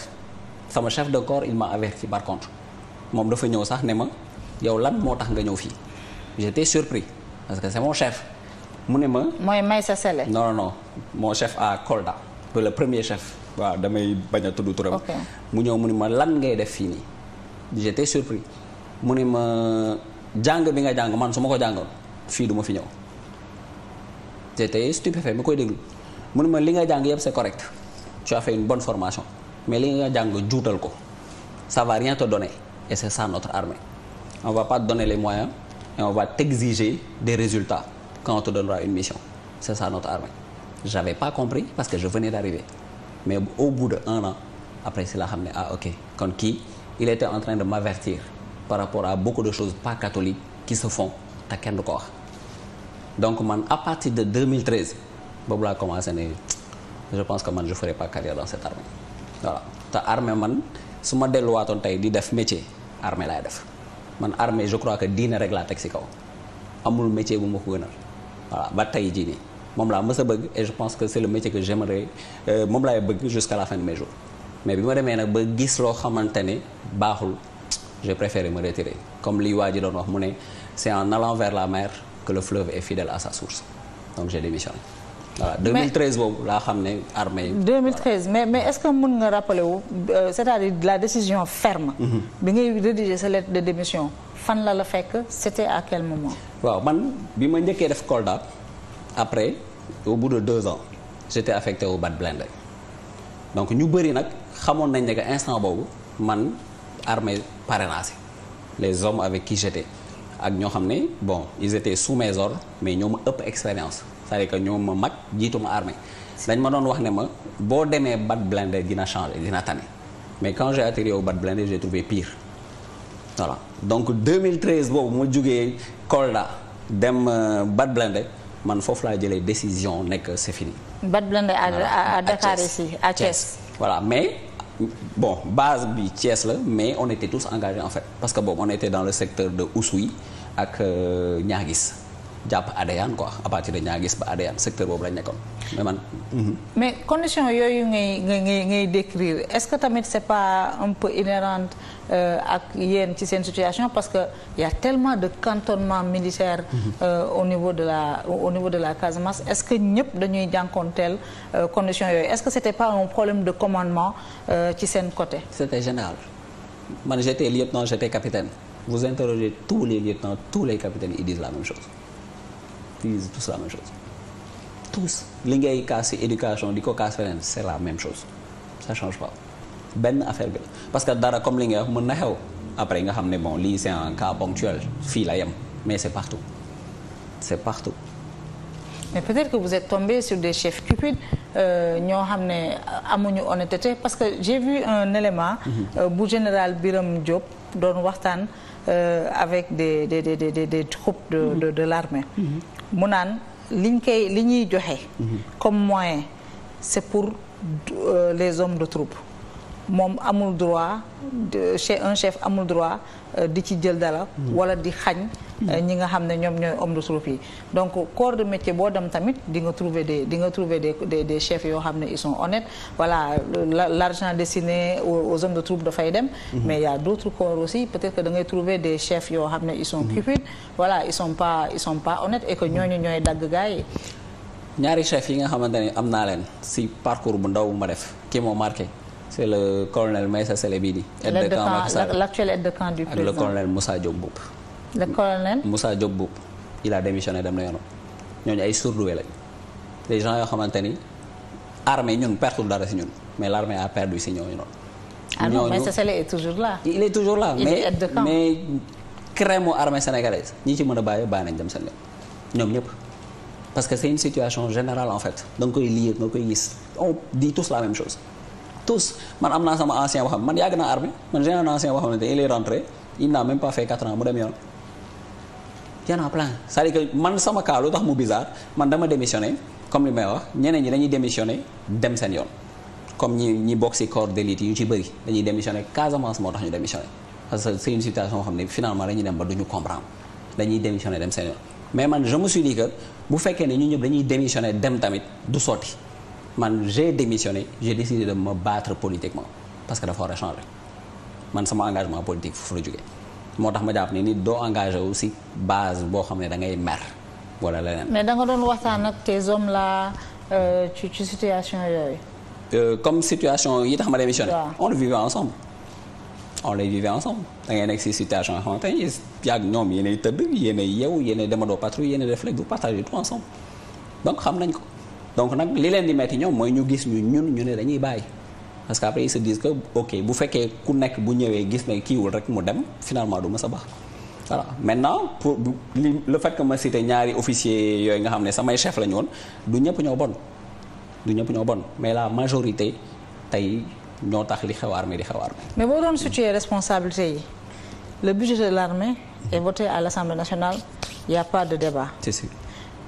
sama chef de corps il m'a averti par contre moom dafa ñëw sax ne ma yow lan moo tax nga ñëw fii j'étais surpris parce que c'est mon mu ne ma. mooy Maysa Sele. non no moo chef à Kolda. ba le premier chef. waaw damay bañ a tudd turam. mu ñëw mu ne ma lan ngay def fii nii. j'étais surpris mu ne ma jàng bi nga jàng man su ma ko jàngoon fii du ma fi ñëw. j'étais stupéfait mu koy déglu mu ne ma li nga jàng yëpp c'est correct tu as fait une bonne formation mais li nga jàng juutal ko ça va rien donner et c'est ça notre armée on va pas te donner les moyens et on va t'exiger des résultats. quand on te donnera une mission c'est ça notre armée j'avais pas compris parce que je venais d'arriver mais au bout de un an après si la xam ne ah ok kon kii il était en train de m'avertir par rapport à beaucoup de choses pas catholiques qui se font te kenn du ko wax donc man à partir de 2013 boobu laa commencé ne je pense que man je ferai pas carrière dans cette armée voilà te armée man su ma delluwaatoon tey di def métier armée laay def man armée je crois que diine rek laa teg ci kaw amul métier bu ma ko waaw ba tey jii nii moom laa mës bëgg et je pense que c'est le métier que j'aimerais euh, moom laay bëgg jusqu'à la fin de mes jours mais bi ma demee nag ba gis loo xamante ne baaxul je préféré me retirer comme li waa ji doon wax mu ne c'est en allant vers la mer que le fleuve est fidèle à sa source donc j'ai démissionné voilà 2013 boobu laa xam ne armée 2013 mais mais est-ce que mën nga rappeler wu euh, c'est-à-dire la décision ferme. Mhm. bi ngay rédiger sa lettre de démission. fan la la fekk c'était à quel moment. waaw man bi ma njëkkee def Kolda après au bout de deux ans j'étais affecté au Bad Blindé donc ñu bëri nag xamoon nañ ne que instant boobu man armée parrainage les hommes avec qui j'étais ak ñoo xam ne bon ils étaient sous mes mais ñoo ma ëpp expérience c'est-à-dire que ñoo ma mag jiitu ma armée dañ ma doon wax ne ma boo demee Bad Blindé dina changer dina tane mais quand j'ai atterri au Bad Blindé j'ai trouvé pire restaurant donc 2013 boobu ma jugee Kolda dem euh, Bat Blindé man foofu laa jëlee décision nekk c'est fini. Bat Blindé à à Dakar à Thiès. voilà mais bon base bi Thiès la mais on était tous engagés en fait parce que boobu on était dans le secteur de Oussouye ak gis euh, jàpp ADEAN quoi a partir de ñaa gis ba ADEAN secteur boobu lañ nekkoon mais man. Mhm. mais condition yooyu ngay ngay ngay décrire est-ce que tamit c'est pas un peu inhérente euh, ak yéen ci seen situation parce que y tellement de cantonnement militaire. Mhm. Euh, au niveau de la au niveau de la Casamance est-ce que ñëpp dañuy jànkoonteel euh, condition yooyu est-ce que c'était pas un problème de commandement euh, ci seen côté. c'était général man j'étais lieutenant j'étais capitaine vous interrogez tous les lieutenants tous disent tous li ngay kaas ci éducation di ko kaas feneen c'est la même chose ça change pas benn affaire bi la parce que dara comme li ngay wax mën na xew après nga xam ne bon lii c'est un cas ponctuel fii la yem mais c'est partout c'est partout mais peut-être que vous êtes tombé sur des chefs cupides euh, ñoo xam ne amuñu honnêteté parce que j'ai vu un élément mm-hmm. euh, bu général biram Diop doon waxtaan euh, avec des des des des des troupes de mm-hmm. de de l'armée mm-hmm. mu naan liñ koy li ñuy joxe. Mhm. comme moyen c'est pour euh, les hommes de troupe moom amul droit de, un chef amul droit euh, di ci jël dara. Mhm. wala di xañ. Euh, ñi nga xam ne ñoom ñooy homme de troupe yi donc corps de métier boo dem tamit di nga trouver des di nga trouver des des des chefs yoo xam ne ils sont honnêtes voilà l'argent destiné aux hommes de troupe dafay dem mhm. mais y a d'autres corps aussi peut-être que da ngay trouver des chefs yoo xam ne ils sont mhm. cupides voilà ils sont pas ils sont et que mhm. ñooñu ñooy dagg gars yi ñaari chef yi nga xamante ne am naa leen si parcours bu ndaw bu ma def kii moo marqué c'est le colonel Maïssa Sélé Bidi aide de camp Macky de camp du président ak le colonel le colonel Moussa Diop Boub il a démissionné dem na yoonam ñooñu ay surdoués lañ les gens yoo xamante ni armée ñun pertul dara si ñun mais l' a perdu si ñooñu noonu. Ah mais Sessele est toujours là. il est toujours là il mais mais crème mu armée sénégalaise ci mën a bàyyi bàyyi nañ dem seen yoon ñoom ñëpp. parce que une situation générale en fait da nga koy lire nga koy gis on dit tous la même chose tous man am naa sama ancien boo man yàgg naa armée man j'ai un ancien boo xamante il est rentré il pas fait quatre ans mu dem yoon. y en a plein cest man sama cas lu tax mu bizarre man dama démissionné comme li may wax ñeneen ñi dañuy démissionné dem seen yoon comme ñi ñi bokk ci corps d'élite yu ci bëri dañuy démissionné Casamance moo tax ñu démissionné parce que c'est une situation boo xam ne finalement dañuy dem ba duñu comprendre dañuy démissionné dem seen yoon mais man je me suis dit que bu fekkee ne ñu ñëpp dañuy démissionné dem tamit du sotti man j'ai démissionné j'ai décidé de me battre parce que dafa man sama engagement politique foofu la jógee moo tax ma jàpp ne nit doo engagé aussi si base boo xam ne da ngay mer wala leneen. mais danga doon waxtaan ak te hommes là euh, ci ci situation yooyu. Euh, comme situation yi tax ma démissionné. on le vivait ensemble. on les ensemble da ngay nekk si situation yoo xamante ni yàgg ñoom yéenay tëdd yéenay yeewu yéenay demandoo patrouille yéenay def léegi vous partagez tout ensemble xam nañ ko donc nag li leen di metti ñoom mooy ñu gis ñu ñun ñu ne dañuy bàyyi. parce que après ils se disent que ok bu fekkee ku nekk bu ñëwee gis ne kiiwul rek mu dem finalement du ma sa baax voilà maintenant pour li le fait que ma cité ñaari officier yooyu nga xam ne samay chef la ñu woon du ñëpp ñoo bon du ñëpp ñoo bon mais la majorité tey ñoo tax li xew armée di xew armée mais boo doon situer responsabilité yi le budget de l'armée est voté à l'Assemblée nationale il pas de débat. C'est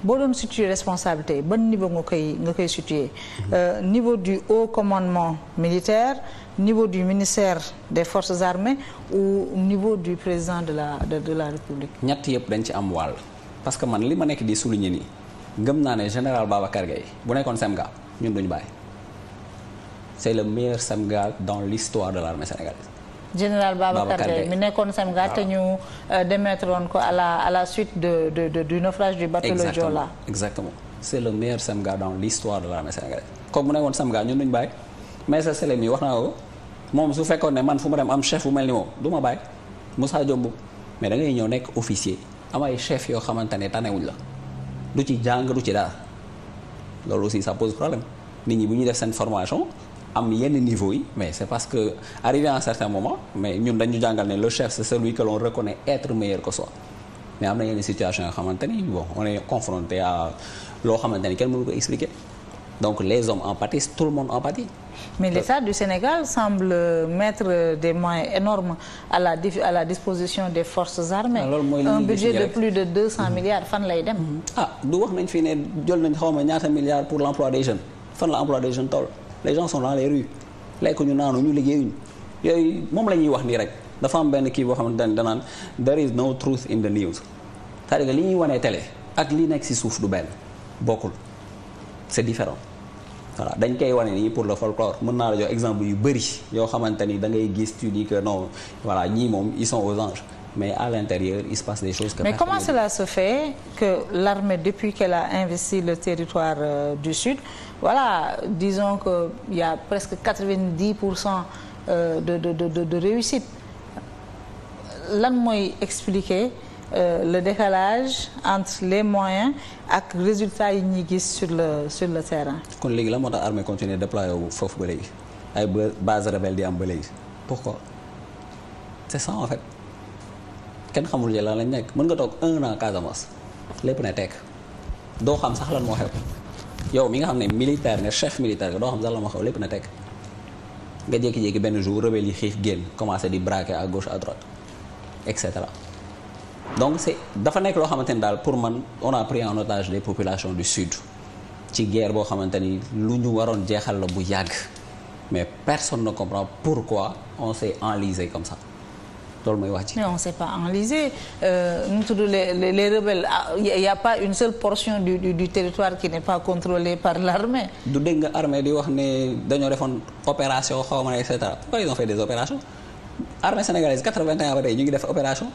boo doon situer responsabilité yi ban niveau nga koy nga koy situer euh, niveau du haut commandement militaire niveau du ministère des forces armées ou niveau du président de la de, de la république ñett yëpp dañ ci am wàll parce que man li ma nekk di souligner nii gëm naa ne général Babacar Gaye bu nekkoon semga ñun duñu bàyyi c'est le meilleur semga dans l'histoire de l'armée sénégalaise général Babacar Gaye mi nekkoon Semga te ñu euh, démettre woon ko à la à la suite de de, de du naufrage du bateau le Joola exactement c'est le meilleur Semga dans l'histoire de l'armée sénégalaise comme mu nekkoon Semga ñun duñu bàyyi mais sa sele mi wax naa ko moom su fekkoon ne man fu ma dem am chef bu mel ni moom du ma bàyyi Moussa Diomb mais da ngay ñëw nekk officier am ay chef yoo xamante ne tanewuñ la du ci jàng du ci dara loolu aussi ça pose problème nit ñi bu ñuy def seen formation am yenn niveau yi mais c'est parce que arrivé à un certain moment mais ñun dañu jàngal ne le chef c'est celui que l'on reconnaît être meilleur que soi mais am na yenn situation yoo xamante ni bon on est confronté à loo xamante ni kenn mënu ko expliquer donc les hommes en pâtissent tout le monde en pâtit mais euh, l'État du Sénégal semble mettre des moyens énormes à la disposition des forces armées. un budget de plus de deux mhm. milliards fan lay dem. ah du wax nañ fii ne jël nañ xawma ñaata milliards pour l'emploi des jeunes les gens sont dans les rues ñu naanu ñu liggéeyuñu yooyu moom la ñuy wax nii rek dafa am benn kii boo xamante ne danaan there is no truth in the news cest à li ñuy wanee télé ak li nekk ci suuf du benn bokkul c'est différent voilà dañ koy wane nii pour le folklore mën naa la jox exemple yu bëri yoo xamante ni da ngay gis tu dis que non voilà ñii moom ils sont aux mais à l'intérieur il passe des choses que mais comment cela se fait que l'armée depuis qu'elle a investi le territoire euh, du sud voilà disons que il y presque quatre-vingt-dix pour cent euh, de de de de réussite lan mooy expliquer euh, le décalage entre les moyens ak résultats yi ñuy gis sur le sur le terrain. kon léegi la moo tax armée continue déployer wu foofu ba léegi ay base rebelle di am ba léegi pourquoi c'est ça en fait kenn xamul lan lañ nekk mën nga toog un an Casamance lépp na tekk doo xam sax lan moo xew. yow mi nga xam ne militaire ne chef militaire doo xam sax la ma lépp na teg nga jékki-jékki benn jour rebelle yi xiif génn commencé di braquer à gauche à droite et cetera donc c'est dafa nekk loo xamante ni daal pour man on a pris en otage des populations du sud ci guerre boo xamante ni lu ñu waroon jeexal la bu yàgg mais personne ne comprend pourquoi on s'est enlisé comme ça loolu mooy wax ci mais on s'est pas enlisé nu mu tudd les les les rebelles ah, y' a pas une seule portion du du du territoire qui n'est pas contrôlée par l'armée du dégg nga armée di wax ne dañoo defoon opération xaw ma ne et cetera pourquoi ils ont fait des opérations armée sénégalaise 81 ba tey ñu ngi def opération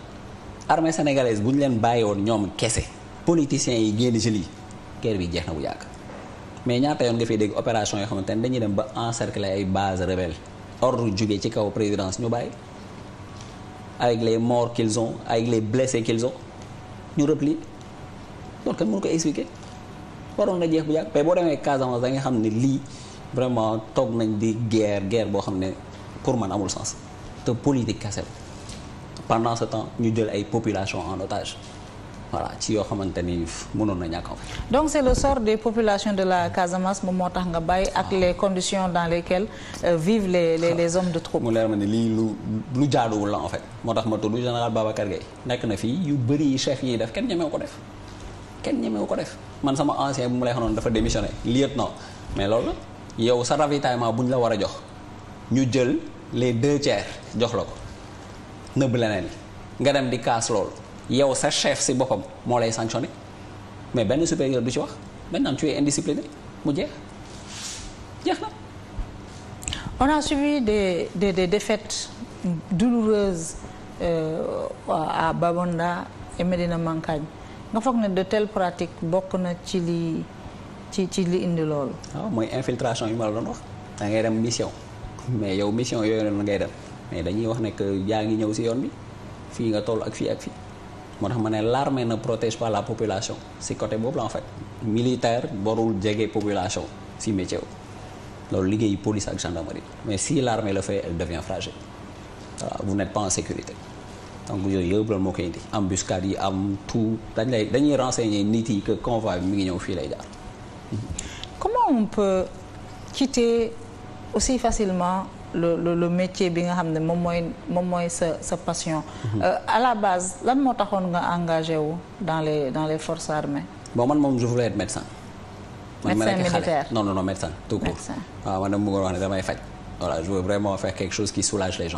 armée sénégalaise bu ñu leen bàyyi woon ñoom kese politiciens yi génn ci lii guerre bi jeex na bu yàgg ñaata yoon nga fiy dégg opération yoo xamante ne dañuy dem ba encercler ay bases rebelles ordre jóge ci kaw présidence ñu bàyyi. avec les morts qu'ils ont avec les blessés qu'ils ñu repli loolu kenn mënu ko expliquer waroon na jeex bu yàgg mais boo demee Casamance da nga xam ne lii vraiment toog nañ di guerre guerre boo xam ne pour man amul sens te politique kese pendant ce temps ñu jël ay population en otage voilà ci yoo xamante ni mënoon na ñàkk donc c'est le sort des populations de la Casamance moom moo tax nga bàyyi ak les conditions dans lesquelles euh, vivent les les les hommes de troupe. mu leer ma ne lii lu lu jaaduwul la en fait moo tax ma tudd général Babacar Gueye nekk na fii yu bëri yi chef yi def kenn ñemewu ko def kenn ñemewu ko def man sama ancien bu mu lay xanoon dafa démissionné lieutenant mais loolu yow sa ravitaillement bu ñu la war a jox ñu jël les deux tiers jox la ko nëbb leneen yow sa chef si boppam moo lay sanctionné mais benn supérieur du ci wax maintenant tu es indiscipliné mu jeex jeex na. on a subi des des des défaites douloureuses euh, à Babonda et Medina Mankagne nga foog ne de telles pratiques bokk na ci li ci ci li indi loolu. waaw ah, mooy infiltration yu ma la doon wax da ngay dem mission mais yow mission yooyu noonu ngay dem mais dañuy wax ne que yaa ngi ñëw si yoon bi fii nga toll ak fii ak fii. moo tax ma ne l'armée ne protège pas la population si côté boobu la en fait militaire borul jege population si métier loolu liggéey police ak gendarmerie mais si l'armée le fait elle devient fragile voilà vous n'êtes pas en sécurité donc yooyu yëpp loolu moo koy indi embuscade yi am tout dañ lay dañuy renseigner nit yi que convoi bi mi ngi ñëw fii lay jaar comment on peut quitter aussi facilement le métier bi nga xam ne moom mooy moom mooy sa sa passion. Mhm. Euh, à la base lan moo taxoon nga engagé wu dans le dans les forces armées. bon man moom je voulais être médecin. man ma nekk xale non non non médecin tout court. waaw ah, man dama bëggoon wax ne damay faj. voilà je vraiment faire quelque chose qui soulage les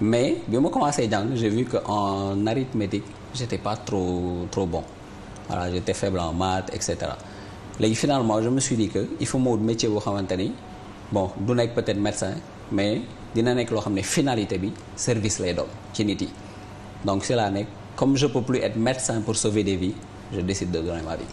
mais ma commencé jàng j'ai vu que en arithmétique j'étais pas trop trop bon voilà j'étais faible en maths et cetera léegi finalement je me suis dit que il faut ma wut métier boo ni bon du nekk peut-être médecin. mais dina nekk loo xam ne finalité bi service lay doon ci nit yi donc si la nekk comme je peux plus être médecin pour sauver des vies je décide de donner ma vie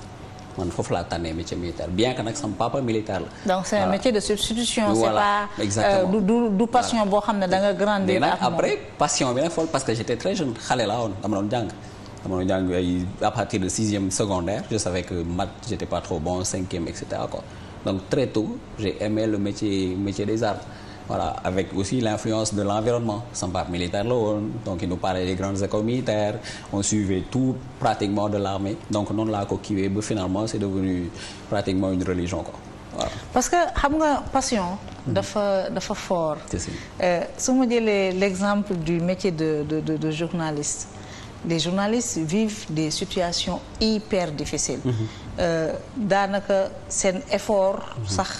man foofu laa tànnee métier militaire bien que nag sama papa militaire la. donc c'est un métier de substitution. voilà euh, exactement c'est pas du du passion boo xam ne danga nga grandir. après passion bi nag fool parce que j'étais très jeune xale laa woon dama doon jàng. dama doon jàng ay à partir de sixième secondaire je savais bon cinquième et cetera quoi donc très tôt des armes. voilà avec aussi l'influence de l'environnement Samba militaire la woon donc il nous parlait des grandes écoles militaires on suivait tout pratiquement de l'armée donc noonu laa ko kiiwee ba finalement c'est devenu pratiquement une religion quoi voilà. parce que xam nga passion. dafa dafa fort. Euh, su ma jëlee l'exemple du métier de de de, de journaliste. les journalistes vivent des situations hyper difficiles. Mm-hmm. Euh, daanaka seen effort sax.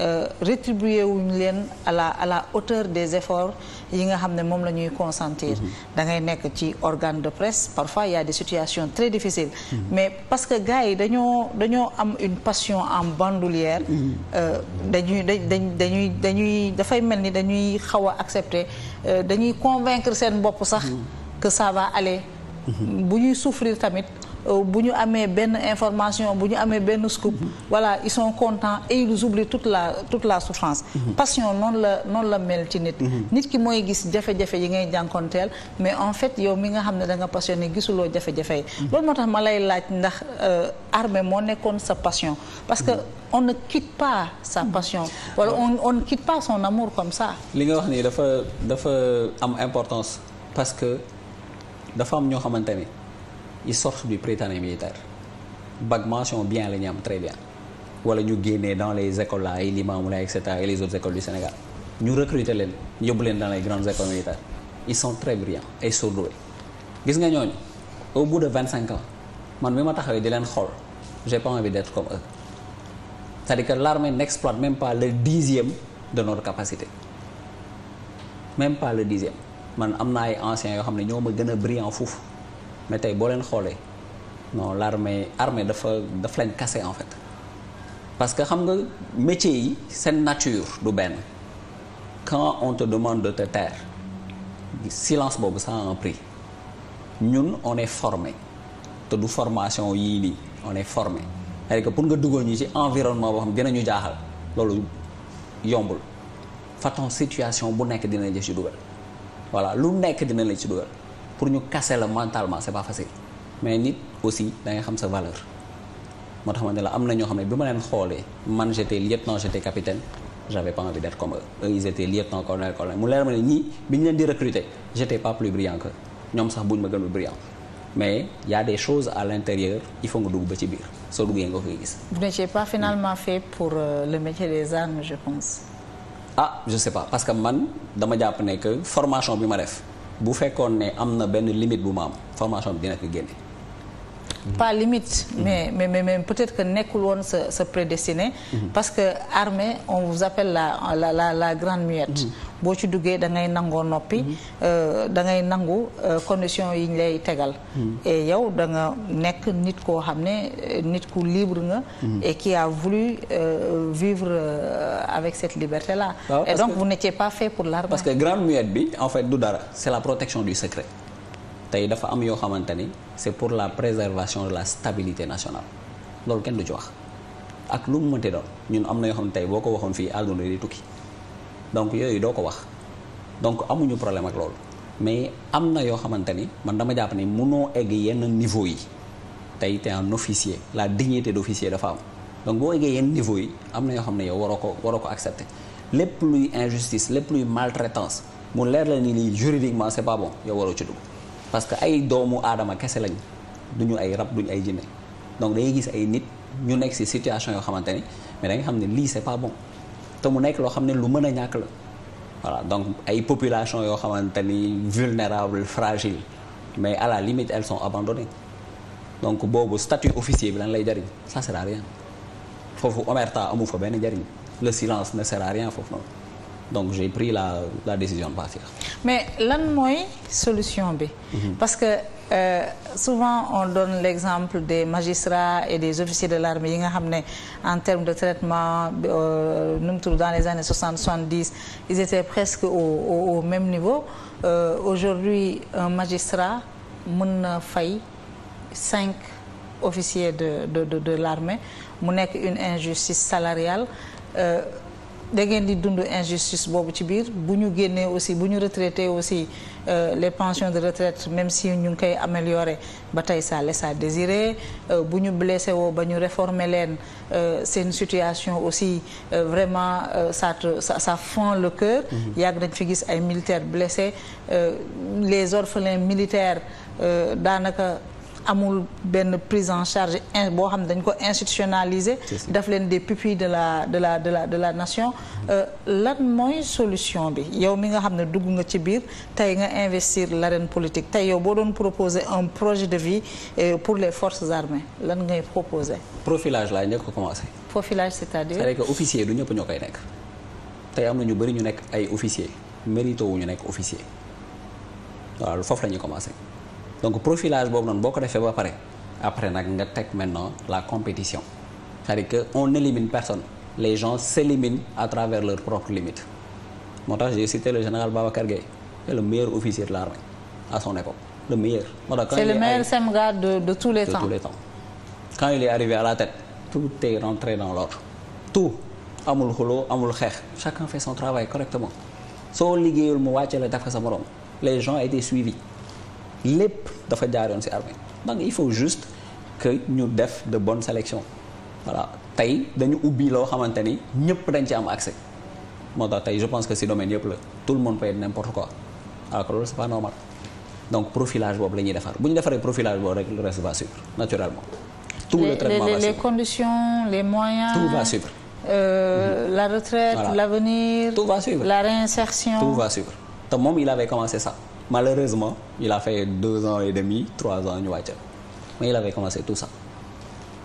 Euh, rétribuer wuñ leen à la à la hauteur des efforts yi nga xam ne moom la ñuy consentir mm-hmm. da ngay nekk ci organe de presse parfois il y a des situations très difficiles mm-hmm. mais parce que gars yi dañoo dañoo am une passion en bandoulière mm-hmm. euh, dañuy dañ dañuy dañuy dafay mel ni dañuy xaw a accepter euh, dañuy convaincre seen bopp sax que ça va bu ñuy souffrir tamit Euh, bu ñu amee benn information bu ñu amee benn scoop mhm. voilà ils sont contents et ils oublient la tout la souffrance mhm. passion noonu la noonu la mel ci nit mhm. nit ki mooy gis jafe-jafe yi ngay jànkonteel mais en fait yow mi nga xam ne danga nga passionné gisuloo jafe-jafe yi loolu moo tax ma lay laaj ndax euh, armée moo nekkoon sa passion parce que on ne quitte pas sa passion wala on on ne quitte pas son amour comme ça li nga wax nii dafa dafa am importance parce que dafa am ñoo xamante ni ils sortent du prétendant militaire bac mention bien la ñu am très bien wala ñu génnee dans les écoles là ay Limamoulaye et cetera et les autres écoles du Sénégal ñu recruter leen yóbbu leen dans les grandes écoles militaires ils sont très brillants et surdoués gis nga ñooñu au bout de vingt cinq ans man bi ma taxawee di leen xool j'ai pas envie d'être comme eux c'est-à-dire que l'armée n'exploite même pas le dixième de notre capacité même pas le dixième man am na ay anciens yoo xam ne ñoo ma gën a brillant foofu mais tey boo leen xoolee non l'armée armée dafa dafa leen casser en fait parce que xam nga métier yi seen nature du benn quand on demande de te taire silence boobu ça a ñun on est formé te du formation yii nii on est formé cest à que pour nga duggoon ñu ci environnement boo xam dina ñu jaaxal loolu yombul façon situation bu nekk dina la ci dugal voilà lu nekk dina la ci dugal pour ñu casser la mentalement c'est pas facile mais nit aussi da xam sa valeur moo tax ma ne la am na ñoo xam ne bi ma leen xoolee man j'étais lieutenant j'étais capitaine j'avais pas envie d'être comme eux mu leer ma ne ñii bi ñu leen di recruter j'étais pas plus brillant que ñoom sax buñ ma gënul brillant mais y a des choses à l'intérieur il faut nga dugg ba ci biir soo duggee nga koy gis. vous pas finalement fait pour euh, le métier des armes ah je ne que formation bu fekkoon ne am na benn limite bu maam am formation dina ko génne pas limite mais mais mais peut-être que nekkul woon sa sa prédestiné mhm. parce que armée on vous appelle la la la, la grande muette mhm. boo ci duggee da nangoo noppi mhm. euh, da ngay nangu euh, condition yi ñu lay tegal et yow da nga nekk nit koo xam ne euh, nit ku libre nga et qui a voulu euh, vivre avec cette liberté là ah, et donc vous n'étiez pas fait pour l'armée parce que grande muette bi en fait du dara c'est la protection du secret tey dafa am yoo xamante ni c'est pour la préservation de la stabilité nationale loolu kenn du ci wax ak lu mu mënti doon ñun am na yoo xam ne tey boo ko waxoon fii àdduna di tukki donc yooyu doo ko wax donc amuñu problème ak loolu mais am na yoo xamante ni man dama jàpp ni mënoo egg yenn niveau yi tey te un officier la dignité d'officier dafa am donc boo eggee yenn niveau yi am na yoo xam ne yow waroo ko waroo ko accepter lépp luy injustice lépp luy maltraitance mu leer la ni lii juridiquement c'est pas bon yow waroo ci dugg parce que ay doomu aadama kese lañ duñu ay rab duñu ay jinne donc dangay gis ay nit ñu nekk si situation yoo xamante ni mais da xam ne lii c'est pas bon te mu nekk loo xam ne lu mën a ñàkk la voilà donc ay population yoo xamante ni vulnérable fragile mais à la limite elles sont abandonnées donc boobu statut officier bi lan lay jariñ ça sert foofu omerta amu fa benn jariñ le silence ne sert foofu noonu donc j'ai pris la la décision de mais lan mooy solution bi. Mhm. parce que euh, souvent on donne l'exemple des magistrats et des officiers de l'armée yi nga xam ne en termes de traitement euh, nu mu tudd dans les années soixante soixante-dix ils étaient presque au au, au même niveau euh, aujourd'hui un magistrat mën na fay cinq officiers de de de de l'armée mu nekk une injustice salariale. Euh, da ngeen di dund injustice boobu ci biir bu ñu génnee aussi bu ñu retraité aussi euh, les pensions de retraite même si ñu ngi koy amélioré ba tey ça laisse à désirer euh, bu ñu blessé woo ba ñu réformer leen euh, seen situation aussi vraiment ça te ça fend le cœur mhm. yàgg dañ fi gis ay militaires blessés les orphelins militaires daanaka amul benn prise en charge in boo xam ne dañ ko institutionnaliser daf leen des pupilles de la de la de la de la nation mm-hmm. euh, lan mooy solution bi yow mi nga xam ne dugg nga ci biir tey nga investir l'arène politique tey yow boo doon proposer un projet de vie euh, pour les forces armées lan ngay proposer profilage laay njëkk ko commencé profilage c'est-à-dire officier du ñëpp ñoo koy nekk tey am na ñu bëri ñu nekk ay officier mérito wu ñu nekk officier waaw foofu la ñuy commencé donc profilage boobu noonu boo ko defee ba pare après nag nga teg maintenant la compétition cest dire que on élimine personne les gens s'éliminent à travers leurs propres limites moo tax j'ai cité le général Babacar Gueye c'est le meilleur officier de l'armée à son époque le meilleur. moo tax c'est le meilleur SEMGA de de tous les temps de tous les temps. quand il est arrivé à la tête tout est rentré dans l'ordre tout amul xuloo amul xeex chacun fait son travail correctement soo liggéeyul mu wàcce la def ko sa moroom les gens étaient suivis. lépp dafa jaar yoon ci armée donc il faut juste que ñu def de bonne sélection voilà tey dañu ubbi loo xamante ni ñëpp dañ ci am accès moo tax tey je pense que ci domaine yëpp la tout le monde peut être n'importe quoi alors que loolu c'est pas normal donc profilage boobu la ñuy defar bu ñu defaree profilage boobu rek le reste va suivre naturellement. tout le traitement les, va les suivre les conditions les moyens. tout va suivre. Euh, la retraite l'avenir. tout va suivre la réinsertion. tout va suivre moom il avait commencé malheureusement il a fait deux ans et demi trois ans ñu wàccal mais il avait commencé tout sax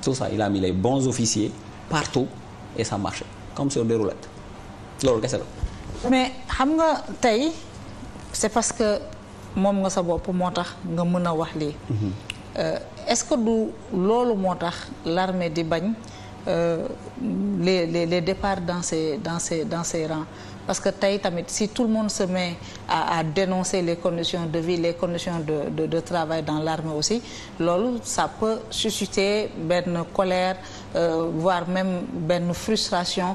tout sax il a mis les bons officiers partout et ça marchait comme sur des roulettes loolu kese la. mais xam nga tey c'est parce que moom nga sa bopp moo tax nga mën a wax lii. Mhm. Euh, est-ce que du loolu moo tax l'armée di bañ euh, les les les départs dans ces dans ces dans ces rangs. parce que tey tamit si tout le monde se met à à dénoncer les conditions de vie les conditions de de de travail dans l'armée aussi loolu ça peut susciter benn colère euh, voire même benn frustration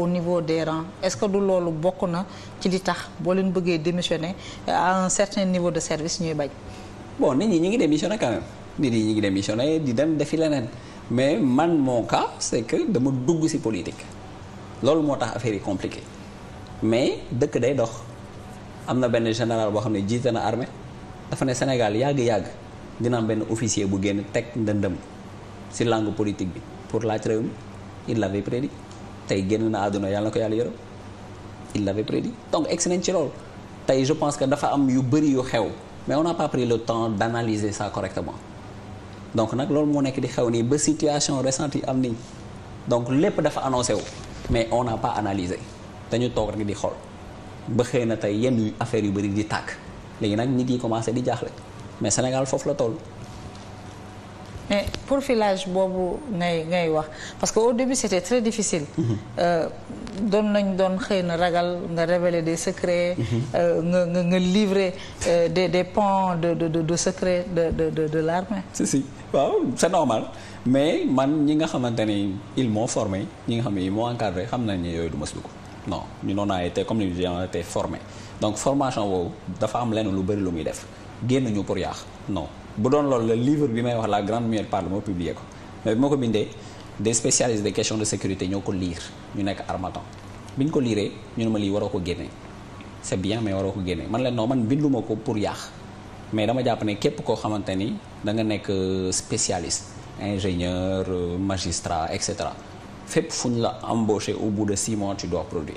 au niveau des ran est-ce que du loolu bokk na ci li tax boo leen bëggee démissionner à un certain niveau de service ñuy bañ. bon nit ñi ñu ngi démissionner quand même nit ñi ñu ngi démissionner di dem defi leneen mais man mon cas c'est que dama dugg ci politique loolu moo tax affaire yi compliquée. mais dëkk day dox am na benn général boo xam ne jiite na armée dafa ne Sénégal yàgg-yàgg dina benn officier bu génn teg ndëndëm si langue politique bi pour laaj réew mi il l'avait prédit tey génn na àdduna yàlla na ko yàlla yërëm il l'avait prédit donc egsi nañ ci loolu tey je pense que dafa am yu bëri yu xew mais on n'a pas pris le temps d'analyser ça correctement donc nag loolu moo nekk di xew nii ba situation récente yi am niñ donc lépp dafa annoncé wu mais on n'a pas analysé dañu toog rek di xool ba xëy na tey yenn affaire yu bëri di tàkk léegi nag nit yi commencé di jaaxle mais Sénégal foofu la tool mais profilage boobu ngay ngay wax parce que au début c'était très difficile. Mm-hmm. Euh, doon nañ doon xëy na ragal nga révéler des secrets. Mm-hmm. Euh, nga nga nga livrer euh, des des ponts de de de secret de de de de l'armée. si si waaw c'est normal mais man ñi nga xamante ni ils m'ont formé ñi nga xam ne ils m'ont encadré xam na ne yooyu du ma si non ñu on a été comme ni on a été formé donc formation boobu dafa am lenn lu bëri lu muy def génn ñu pour yaax non bu doon loolu la livre bi may wax la grande meilleure part moo publié ko mais bi ma ko bindee des spécialistes de questions de sécurité ñoo ko liir ñu nekk Harmattan bi ñu ko liiree ñu ne ma lii waroo ko génnee c'est bien mais waroo ko génnee man leen noo man binduma ko pour yaax mais dama jàpp ne képp koo xamante ni da nga nekk euh, spécialiste ingénieur euh, magistrat et cetera fépp fu ñu la embauché au bout de six mois tu dois produire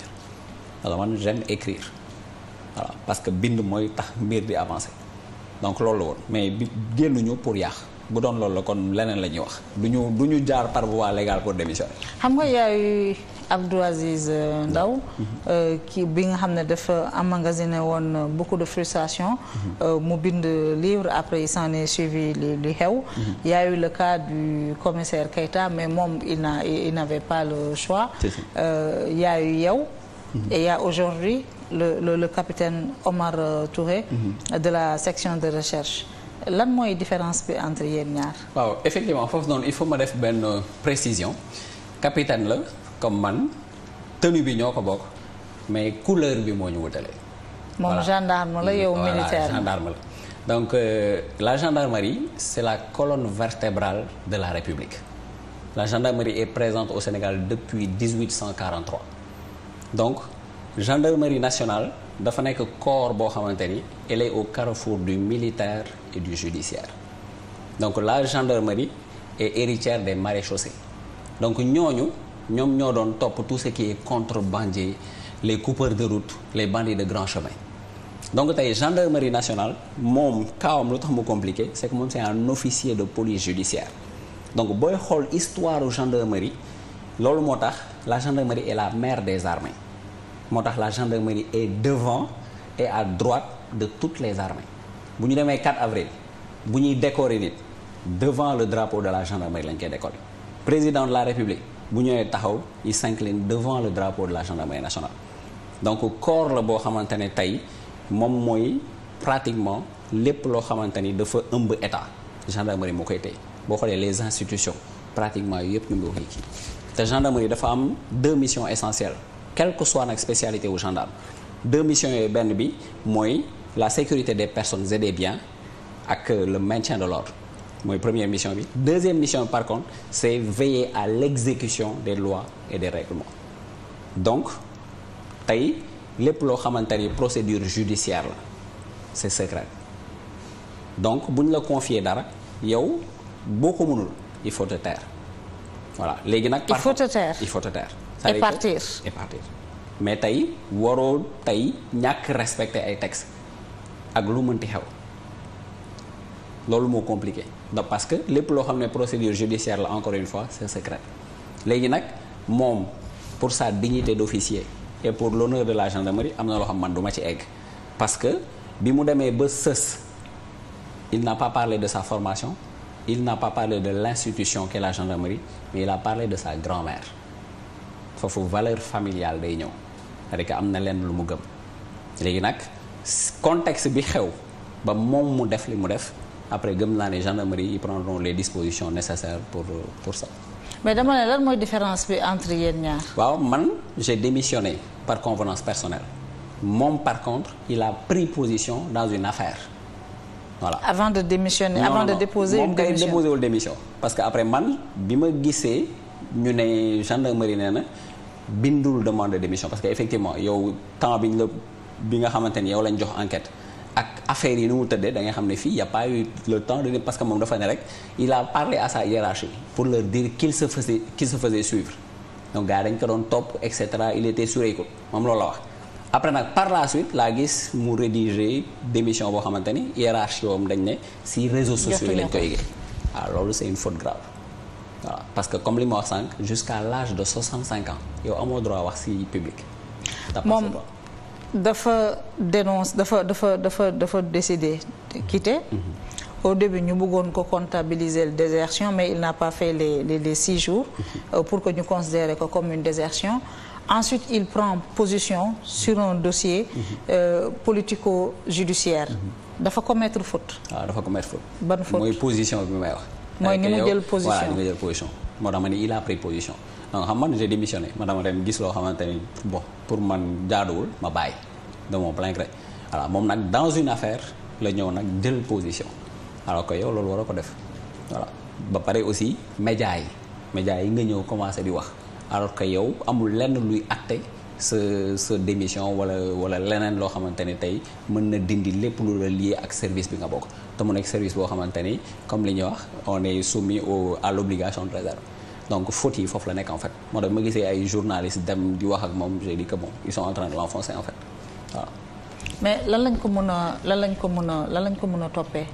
alors man j'aime écrire voilà parce que bind mooy tax mbir di avancé donc loolu la woon mais bi génnuñu pour yàq bu doon loolu la kon leneen la ñuy wax du ñu du ñu jaar par voie légale pour démissionner. xam nga yaayu. Abdou Aziz euh, Ndaw ki mhm. euh, bi nga xam ne dafa emmagasiné woon euh, beaucoup de frustration mhm. mu bind livre après il s'en est suivi li xew mhm. y a eu le cas du commissaire Keita mais moom il n'a il n'avait pas le choix euh, eu yow et y a aujourd'hui le, capitaine Omar Touré de la section de recherche lan mooy différence bi entre yéen ñaar waaw effectivement foofu noonu il faut ma def benn précision capitaine la comme man tenue bi ñoo ko bokk mais couleur bi moo ñu wutale moom gendarme la yow militaire la donc euh, la gendarmerie c'est la colonne vertébrale de la République la gendarmerie est présente au Sénégal depuis 1843 donc gendarmerie nationale dafa nekk corps boo xamante ni elle est au carrefour du militaire et du judiciaire donc la gendarmerie est héritière des maréchaussées donc ñooñu ñoom ñoo doon topp tout ce qui est contrebandier les coupeurs de route les bandits de grand chemin donc tey gendarmerie nationale moom kaawam lu tax mu compliqué c'est que moom c'est un officier de police judiciaire donc booy xool histoire gendarmerie loolu moo tax la gendarmerie est la maire des armées moo tax la gendarmerie est devant et à droite de toutes les armées bu ñu demee 4 avril bu ñuy décorer nit devant le drapeau de la gendarmerie lañ koy décorer bu ñëwee taxaw il s'incline devant le drapeau de la gendarmerie nationale donc corps la boo xamante ne tey moom mooy pratiquement lépp loo xamante ni dafa ëmb état gendarmerie moo koy tey boo xoolee les institutions pratiquement yëpp ñu ngi koy kii te gendarmerie dafa am deux missions essentielles quelque que soit nag spécialité wu gendarme deux missions yooyu benn bi mooy la sécurité des personnes et des biens ak le maintien de l'ordre mooy première mission bi deuxième mission par contre c'est veiller à l'exécution des lois et des règlements donc tey lépp loo xamante ni procédure judiciaire la c'est secret donc bu ñu la confier dara yow boo ko mënul il faut te taire voilà léegi nag. il faut te taire il faut te taire. et partir et partir mais tey waroo tey ñàkk respecter ay textes ak lu mënti xew. loolu moo compliqué da parce que lépp loo xam ne procédure judiciaire la encore une fois c'est secret léegi nag moom pour sa dignité d'officier et pour l'honneur de la gendarmerie am na loo xam man du ma ci egg parce que bi mu demee ba sës il n'a pas parlé de sa formation il n'a pas parlé de l'institution qu'est la gendarmerie mais il a parlé de sa grand-mère foofu valeur familiale day ñëw cest que am na lenn lu mu gëm léegi nag contexte bi xew ba moom mu def li mu def après gëm naa ne gendarmerie yi prendront les dispositions nécessaires pour euh, pour ça. mais dama ne lan mooy différence bi entre yéen ñaar. waaw man j'ai démissionné par convenance personnelle moom par contre il a pris position dans une affaire voilà. avant de démissionner. Non, avant non, de déposer une parce que après man bi ma gisee ñu ne gendarmerie nee na bindul demande de démission parce que effectivement yow temps bi ñu la bi nga xamante ni yow lañ jox enquête. ak affaire yi ni mu tëddee da ngay xam ne fii y' a pas eu le temps de parce que moom dafa ne rek il a parlé à sa pour leur dire qu'il se faisait qu'il suivre donc gars dañ ko doon topp et cetera il était sur écoute moom loolu la wax. après nag par la suite laa gis mu rédiger démission boo xamante ni hiérarchie boobu dañ ne si réseau sociaux yi lañ ko yëgee ah, loolu c' est une faute grave parce que comme li ma wax sànq jusqu'à l'âge de 65 ans yow amoo droit wax si public. moom dafa dénonce dafa dafa dafa dafa décidé quitter. Mhm. au début ñu bëggoon ko comptabiliser la désertion mais il n'a pas fait les les, les six jours mhm. euh, pour que ñu considérer ko comme une désertion ensuite il prend position sur un dossier mhm. euh, politico-judiciaire dafa commettre faute ah, dafa commettre faute ban faute mooy position bi may wax mooy ni eh, mu position moo tax ma ni il a pris position donc xam man j'ai démissionné ma dama dem gis loo xamante ni bon pour man jaaduwul ma bàyyi de mon plein gré moom nag dans une affaire la ñëw nag jël position yow loolu war ko def voilà ba pare aussi média yi média yi nga ñëw commencé di wax alors que yow amul lenn luy atte sa sa démission wala wala leneen loo xamante ni tey mën na dindi lépp lu la lii ak service bi nga bokk te mu nekk service boo xamante ni comme li ñuy wax on est soumis à l'obligation de réserve donc faute yi foofu la nekk en fait moo tax ma gisee ay journalistes dem di wax ak moom j'ai dit que bon ils sont en de l'enfoncer en fait voilà. mais lan lañ ko mën a lan lañ ko mën a lan lañ ko mën a toppee.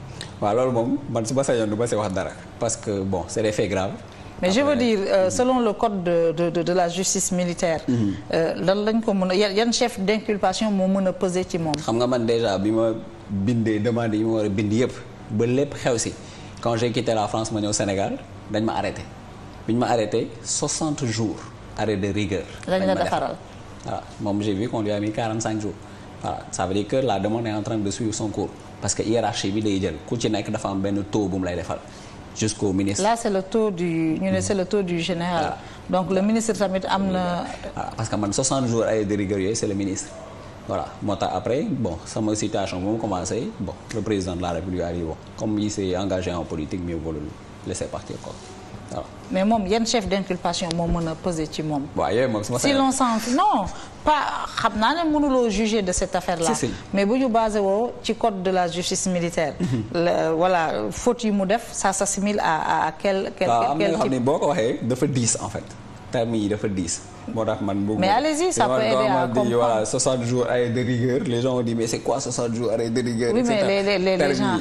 waaw loolu moom man su ba sañoon du ma si wax dara parce que bon c'est des faits graves. mais Après, je veux dire euh, mm-hmm. selon le code de de de, de la justice militaire. Mm-hmm. Euh, lan lañ ko mën a yan chef d'inculpation moo mën a peser ci moom. xam nga man déjà bi ma bindee demande yi ma war a bind yëpp ba lépp xew si quand j'ai quitté la ma ñëw Sénégal dañ ma arrêté. bi ñu ma arrêté 60 jours arrêt de rigueur. lañ la defaral voilà moom j'ai vu qu'on lui a mis jours voilà ça veut dire la demande est en train de suivre son cours parce que hiérarchie bi day jël ku ci nekk dafa am benn taux bu mu lay defal jusqu'au ministre. là c'est le taux du ñu ne c'est général. donc le ministre tamit am na. voilà parce que man 60 jours arrêt de rigueur yooyu c'est le ministre. voilà moo tax après bon sama situation bu mu commencé bon le président de la comme il s'est engagé en politique mais moom yenn chef d'inculpation moo mën a peser ci moom. moom sama si l'on sent non pas xam naa ne mënuloo juger de cette affaire là. Si, mais bu ñu basé woo ci code de la justice militaire. Mm -hmm. la, voilà yi mu def sa s'assimile à à à quel. quel quel xam ne boo ko dafa diis en fait. termes yi dafa diis. moo tax man bëgg. mais allez-y ça peut aider à comprendre voilà 60 de rigueur les gens ont dit mais c'est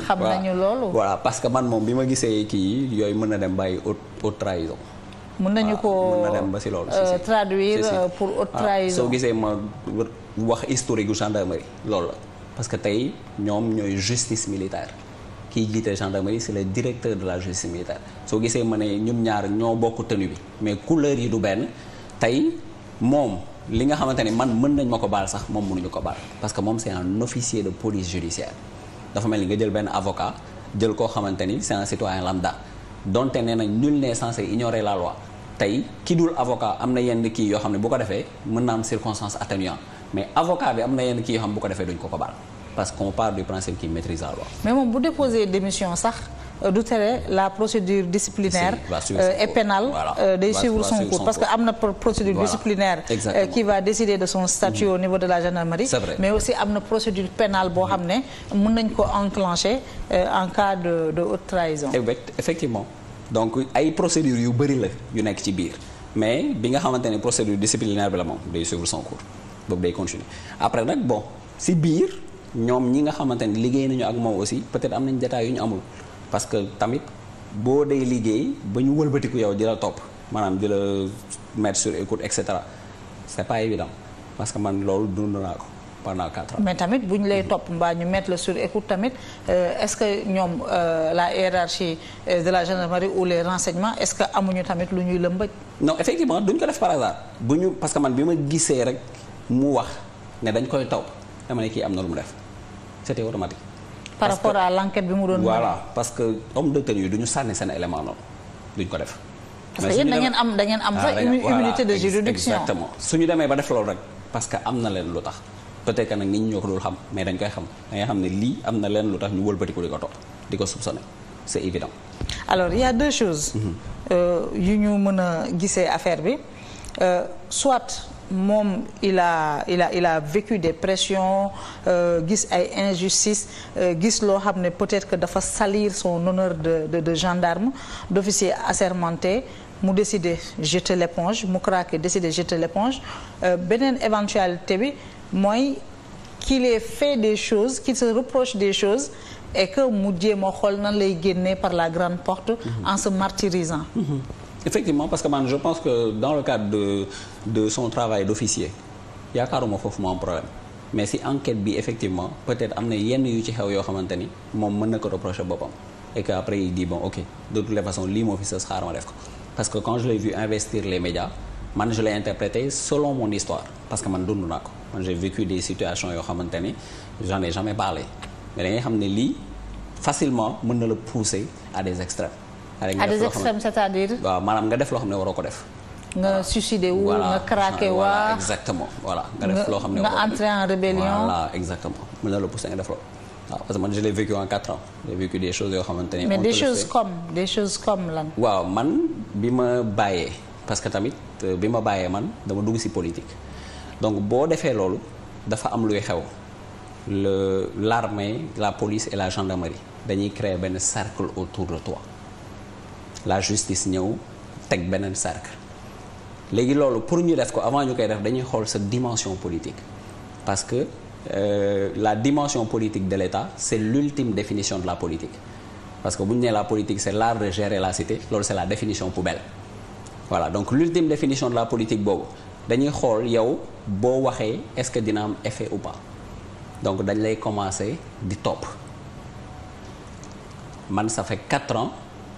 xam nañu loolu. voilà parce que man moom bi ma gisee kii yooyu mën na dem bàyyi haute haute trahison. mën nañu ko ba si euh, traduire euh, pour haute trahison. soo gisee ma wax historique gu gendarmerie loolu la parce que tey ñoom ñooy justice militaire. kiy jiite gendarmerie c'est le directeur de la justice militaire soo gisee ma ne ñun ñaar ñoo bokk tenue bi mais couleur yi du benn tey moom li nga xamante ni man mën nañ ma ko baal sax moom mënuñu ko baal parce que moom c'est un officier de police judiciaire dafa mel ni nga jël benn avocat jël koo xamante ni c'est un citoyen lambda donte nee na nul n'est censé ignorer la loi tey kii dul avocat am na yenn kii yoo xam ne bu ko defee mën na am circonstance atténuante mais avocat bi am na yenn kii yoo xam ne ko defee duñ ko ko parce que part du principe qu'il maîtrise la loi. mais moom bu déposer démission sax euh, du tere la procédure disciplinaire. Si, euh, et pénale voilà. euh, day suivre son cours parce que am na procédure voilà. disciplinaire. Euh, qui va décider de son statut mmh. au niveau de la gendarmerie. mais aussi am na procédure pénale boo xam ne mën nañ ko enclencher euh, en cas de de haute trahison. Eh effectivement donc ay procédures yu bëri la yu nekk ci biir mais bi nga xamante ne procédure disciplinaire bi la moom de suivre son cours boobu day continuer ñoom ñi nga xamante ni liggéey nañu ak moom aussi peut-être am nañ détails yu ñu amul parce que tamit boo dee liggéey ba ñu wëlbatiku yow di la topp maanaam jëla la mettre sur écoute et cetera c'est pas évident parce que man loolu dund naa ko pendant quatre ans. mais tamit bu ñu lay topp mbaa ñu mettre la sur écoute tamit euh, est-ce que ñoom euh, la hiérarchie euh, de la gendarmerie ou les renseignements est-ce que amuñu tamit lu ñuy lëmbëj. non effectivement duñ ko def par hasard bu ñu parce que man bi ma gisee rek mu wax ne dañ koy taw dama ne kii am na lu def. c'était automatique. par parce rapport que, à bi mu doon. voilà parce que homme de tenue yi du ñu sànni seen élément noonu duñ ko def. parce que yéen da am da ngeen am ah, sax immunité de juridiction exactement suñu demee ba def loolu rek parce que am na leen lu tax peut-être que nag nit ñoo ko dul xam mais dañ koy xam da xam ne lii am na leen lu tax ñu wëlbati ko di ko topp di ko soupçonné c'est évident. alors il a deux choses. Mhm. Euh, yu ñu mën a gisee affaire bi euh, soit. moom il a il a il a vécu des pressions euh, gis ay injustice euh, gis loo xam ne peut-être que dafa salir son honneur de de de gendarme d'officier assermenté mu décider jeter l'éponge mu craquer décider jeter l'éponge euh, beneen éventualité bi mooy qu'il ait fait des choses qu'il se reproche des choses et que mu jéem a xool nan lay génnee par la grande porte en se martyrisant mm-hmm. effectivement parce que man je pense que dans le cadre de de son travail d'officier yaakaaruma foofu mu problème mais si enquête bi effectivement peut-être am na yenn yu ci xew yoo xamante ni moom mën na ko reprocher boppam et que après il dit bon ok de toutes les façons lii moo fi sës xaar ma def ko parce que quand je l'ai vu investir les médias man je l'ai interprété selon mon histoire parce que man dund naa ko man j'ai vécu des situations yoo xamante ni j'en ai jamais parlé mais xam ne lii facilement mën na la pousser à des extrêmes xale nga def loo xam ne cest nga def loo xam ne waroo ko def. nga suicidé wu nga craqué waa exactement. voilà nga def loo xam ne nga entré en rébellion voilà exactement mën na la poussé nga def loolu. waaw parce que man je l'ai vécu en quatre ans j'ai vécu des choses yoo xamante ni. mais des comme des choses comme lan. waaw man bi ma bàyyee parce que tamit euh, bi ma bàyyee man dama dugg si politique donc boo defee loolu dafa am luy xew le l'armée la police et la gendarmerie dañuy créer benn cercle autour de toi. la justice ñëw teg beneen cercle léegi loolu pour ñu def ko avant ñu koy def dañuy xool sa dimension politique parce que euh, la dimension politique de l'État c'est l'ultime définition de la politique parce que bu ñu nee la politique c'est l'art de gérer la cité loolu c'est la définition poubelle voilà donc l'ultime définition de la politique boobu dañuy xool yow boo waxee est-ce que dina am effet ou pas donc dañ lay commencé di topp man ça fait quatre ans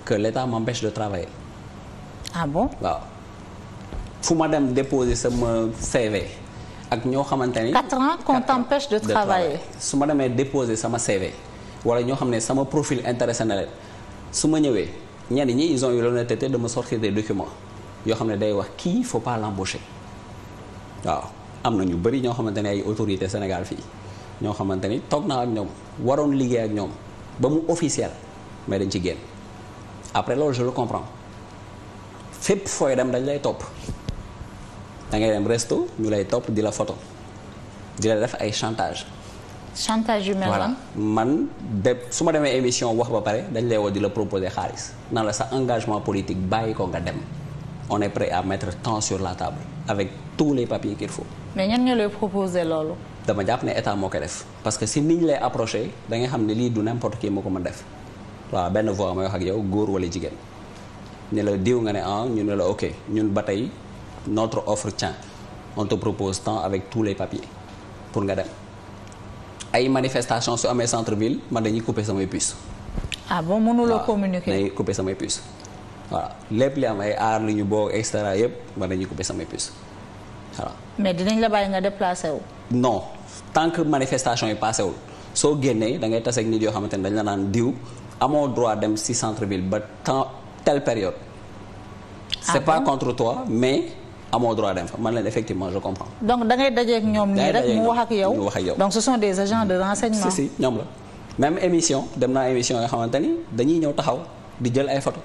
que l'État m'empêche de travailler. ah bon waaw fu ma dem déposer sama CV ak ñoo xamante ni. 4 ans qu'on t'empêche su ma demee déposer sama CV wala ñoo xam ne sama profil intéressé na su ma ñëwee ñenn ñi ils ont eu te de me sortir des documents yoo xam ne day wax kii il faut pas l'embaucher waaw am na ñu bari ñoo xamante ne ay autorités Sénégal fii ñoo xamante ni toog naa ak ñoom waroon liggéey ak ñoom ba mu officiel mais dañ ci génn. après loolu je le comprends fépp fooy dem dañ lay topp da ngay dem resto ñu lay topp di la photo di la def ay chantage. chantage humain voilà man de su ma demee émission wax ba pare dañ lay woo di la proposer xaalis nan la sa engagement politique bàyyi ko nga dem on est prêt a mettre temps sur la table avec tous les papiers qu'il faut. mais ñan ñoo lay proposer loolu. dama jàpp ne état moo koy def parce que si niñ lay approché dangay xam ne lii du n'importe qui moo ko mën def. waa benn voix may wax ak yow góor wala jigéen ne la diw nga ne ah ñu ne la ok ñun ba tey notre offre tient on te propose tant avec tous les papiers pour nga dem ay manifestation su amee centre ville man dañuy couper samay puces. ah bon mënuloo communiquer dañuy couper samay puces. voilà lépp li am ay aar li ñu boog et yëpp yëpp man ñu couper samay puces voilà. mais dinañ la bàyyi nga déplacé wu. non tant que manifestation yi passé wul soo génnee da ngay tase ak nit yoo xamante ne dañ la naan diw. amoo droit dem si centre ville ba temps telle période. Ah c'est pas contre toi mais amoo droit dem fa man leen effectivement je comprends. donc dangay ngay ñoom nii rek mu wax ak yow wax ak yow. donc ce des agents de renseignement. si si ñoom émission dem naa émission yoo xamante ni dañuy ñëw taxaw di jël ay photo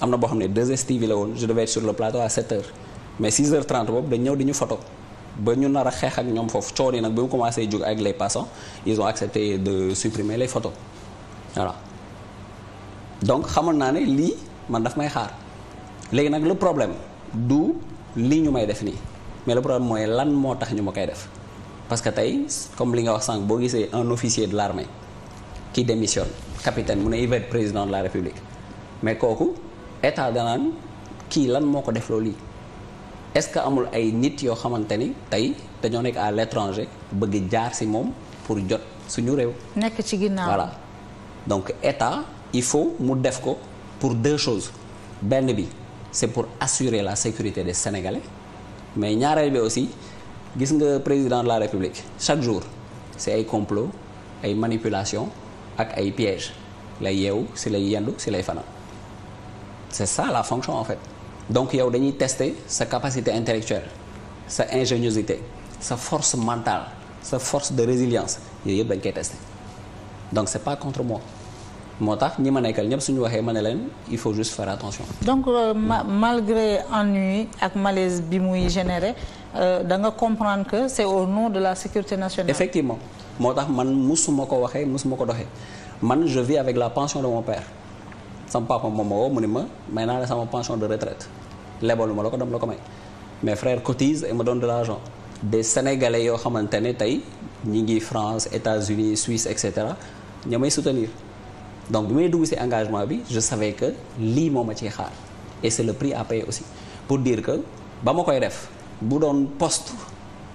am na boo xam ne 2STV la woon je devais sur le plateau à 7 heures mais 6 heures 30 boobu dañu ñëw di ñu photo ba ñu nar a xeex ak ñoom foofu coono yi nag bi commencé jóg ak les passants ils ont accepté de supprimer les photos voilà. donc xamoon naa ne lii man daf may xaar léegi nag lu problème du lii ñu may def nii mais le problème mooy lan moo tax ñu ma koy def parce que tey comme li nga wax sànq boo gisee un officier de l'armée qui démissionne capitaine mu ne il président la république mais kooku état danaan kii lan moo ko def loolu lii est-ce que amul ay nit yoo xamante ni tey dañoo nekk à l'étranger bëgg jaar ci moom pour jot suñu réew. nekk ci ginnaaw la donc état. il faut mu def ko pour deux choses benn bi c'est pour assurer la sécurité des Sénégalais mais ñaareel bi aussi gis nga président de la République chaque jour c'est ay complot ay manipulation ak ay pièges lay yeewu si lay yendu ci lay fana c'est ça la fonction en fait donc yow dañuy tester sa capacité intellectuelle sa ingéniosité sa force mentale sa force de résilience yooyu yëpp dañ koy tester donc c'est pas contre moi moo tax ñi ma nekkal ñëpp suñu waxee ma ne leen il faut juste faire attention. donc euh, ma, malgré ennui ak malaise bi muy générer euh, da nga comprendre que c'est au nom de la sécurité nationale. effectivement moo tax man musuma ko waxee musuma ko doxee man je vis avec la pension de mon père sama papa moom mu ni ma mais naa la sama pension de retraite lebalu ma la ko dem la ko may mes frères cotisent et me donnent de l'argent de sénégalais yoo xamante ne tey ñi ngi France États-Unis Suisse et cetera ñoo may soutenir. donc bi may dugg ci engagement bi je savais que lii moo ma ciy xaar et c'est le prix à aussi pour diir que ba ma koy def bu doon post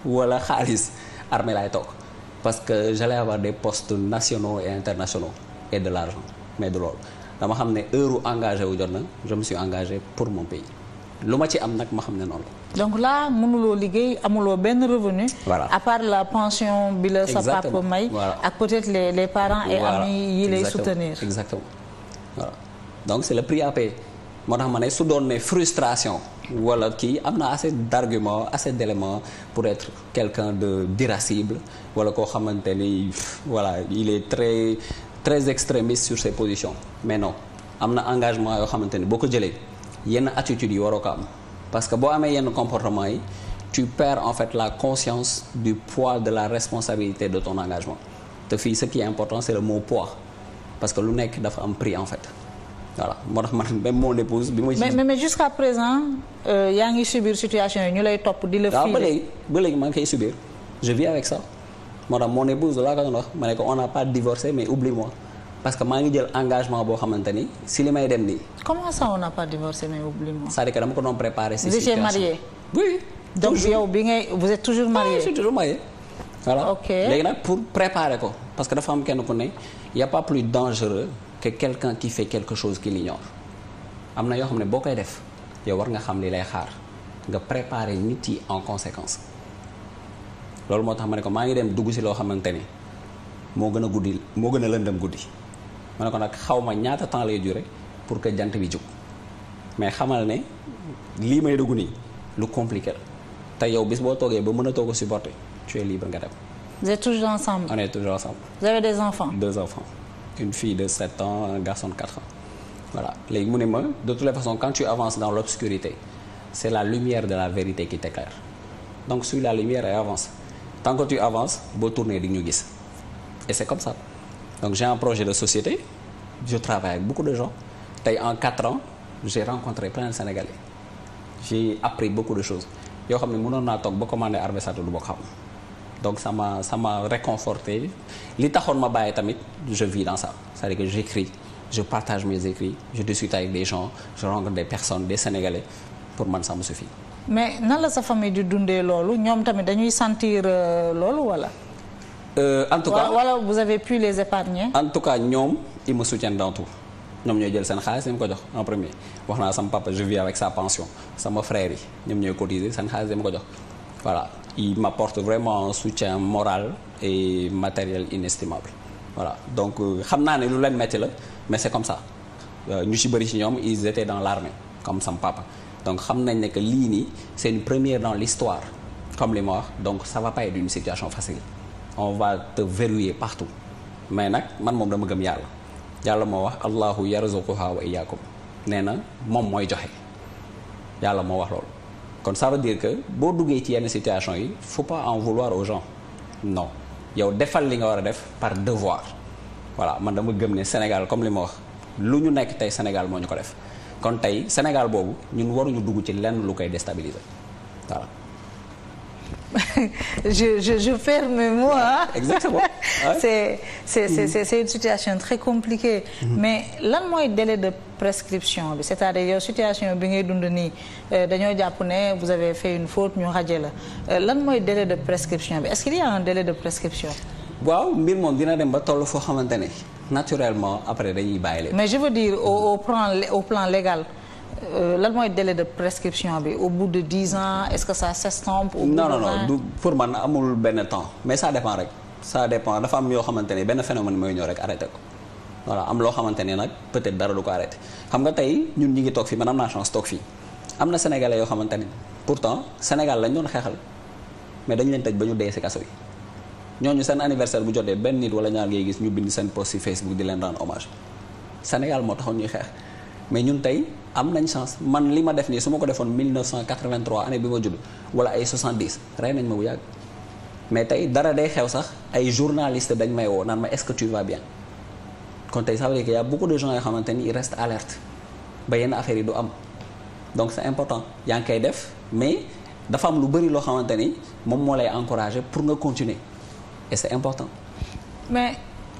walla xaalis armée laay toog parce que j'allais avoir des post nationaux et internationaux et de l'argent mais du loolu dama xam ne heure engagé wu jot na je me suis engagé pour mon pays lu ma ci am nag ma xam ne noonu la donc là mënuloo liggéey amuloo benn revenu. voilà à part la pension bi la sa papa may. ak peut-être les les parents et amis yi lay soutenir. exactement donc c'est le prix à moo tax ma ne su doon ne frustration. wala kii am na assez d'arguments assez d'éléments pour être quelqu'un de d'irascible wala koo xamante ni voilà il est très très extrémiste sur ses positions mais non am na engagements yoo xamante ni boo ko jëlee yenn attitudes yi waroo ko am. parce que boo amee yenn comportement yi tu perds en fait la conscience du poids de la responsabilité de ton engagement te fii ce qui est important c'est le mot poids parce que lu nekk dafa am prix en fait voilà moo tax man même mon épouse bi ma. mais mais jusqu'à présent euh, yaa ngi subir situation yi ñu lay topp di la. fii ba léegi ba léegi maa ngi subir je vis avec ça moo tax mon épouse laa ko doon ma ne ko on n'a pas divorcé mais oublie-moi. parce que maa ngi jël engagement boo xamante ni si li may dem nii. comment ça on n'a pas divorcé mais oublie-moi. c'est-à-dire que dama ko doon préparé. si situation vous étiez marié. bi ngay vous êtes toujours marié. je suis toujours ok léegi nag pour préparer ko parce que dafa am kenn ku ne y a pas plus dangereux que quelqu'un qui fait quelque chose li ignore am na yoo xam ne boo koy def yow war nga xam li lay xaar nga préparer nit yi en conséquence loolu moo tax ma ne ko maa ngi dem dugg si loo xamante ni moo gën a guddi moo gën a lëndëm guddi. ma ne ko nag xaw ma ñaata temps lay durer pour que jant bi jóg mais xamal ne lii may dugg nii lu compliqué la te yow bis boo toogee ba mun a toog a supporter tu es libre nga dem. vous êtes toujours ensemble. on est toujours ensemble. des enfants. deux enfants une fille de sept ans un garçon de quatre ans voilà léegi mu ne ma de toutes les façons quand tu avances dans l'obscurité c'est la lumière de la vérité qui t'éclaire donc suis la lumière et avance tant que tu avances boo tourner di ñu gis et c'est comme ça. donc j'ai un projet de société je travaille avec beaucoup de gens tey en quatre ans j'ai rencontré plein de Sénégalais j'ai beaucoup de choses yoo xam ne mënoon naa toog ba commandé armée sata du bokk xam donc sama m'a ça m'a réconforté li taxoon ma bàyyi tamit je vis dans ça c'est-à-dire que j'écris je partage mes écrits je discute avec des gens je rencontre des personnes des Sénégalais pour man ça me suffit mais nan la sa famille di dundee loolu ñoom tamit dañuy sentir euh, Euh, en tout cas wala vous avez pu les épargner. en tout cas ñoom ils me soutiennent dans tout ñoom ñooy jël seen xaalis dañ ko jox en premier wax naa sama papa je vis avec sa pension sama frère ñoom ñooy cotiser seen xaalis dañ ko jox voilà il porte vraiment un soutien moral et matériel inestimable voilà donc euh, xam naa ne lu leen metti la mais c'est comme ça euh, ñu ci bëri ci ñoom ils étaient dans l'armée comme sama papa donc xam nañ ne que lii nii c'est une première dans l'histoire comme li ma wax donc ça va pas être on va te verrouiller partout mais nag man moom dama gëm yàlla yàlla moo wax allahu yarzuquha wa iyyakum nee na moom mooy joxe yàlla moo wax loolu kon ça veut que boo duggee ci yenn situation yi faut pas en vouloir aux gens non yow defal li nga war a def par devoir voilà man dama gëm ne Sénégal comme li ma wax lu ñu nekk tey Sénégal moo ñu ko def kon tey Sénégal boobu ñun waruñu dugg ci lenn lu koy déstabiliser voilà <laughs> je, je, je ferme mes mots. Hein? Exactement. <laughs> Ouais. Mm-hmm. c'est une situation très compliquée. Mm-hmm. mais lan mooy délai de prescription bi c'est-à-dire yow situation bi ngay dund nii euh, dañoo jàpp ne vous avez fait une faute ñu la euh, lan mooy délai de prescription bi est-ce qu'il y a un délai de prescription. waaw mbir moom dina dem ba toll foo xamante ne naturellement après dañuy bàyyi mais je veux dire au au plan légal. Euh, lan mooy délai de prescription bi au bout de dix ans est-ce que ça s'estompe au bout non non non du pour man amul benn temps mais ça dépend rek ça dépend dafa am yoo xamante ni benn phénomène mooy ñëw rek arrêté ko voilà am loo xamante ni nag peut-être dara du ko arrêté xam nga tey ñun ñi ngi toog fii man am naa chance toog fii am na sénégalais yoo xamante ni pourtant Sénégal lañ doon xeexal mais dañ leen tëj ba ñu dee ci kaso yi ñooñu seen anniversaire bu jotee benn nit wala ñaar ngay gis ñu bind seen post ci Facebook di leen rendre hommage Sénégal moo taxoon ñuy xeex mais ñun tey am nañ chance man li ma def nii su ma ko defoon 1983 année bi ma judd wala ay 70 rey nañ ma bu yàgg mais tey dara day xew sax ay journaliste dañ may woo naan ma est-ce bien kon tey ça veut dire que de gens yoo xamante ni ils restent alertes ba yenn affaires yi du am donc c'est important yaa ngi koy def mais dafa am lu bëri loo xamante ni moom moo lay encourager pour nga continuer et c'est important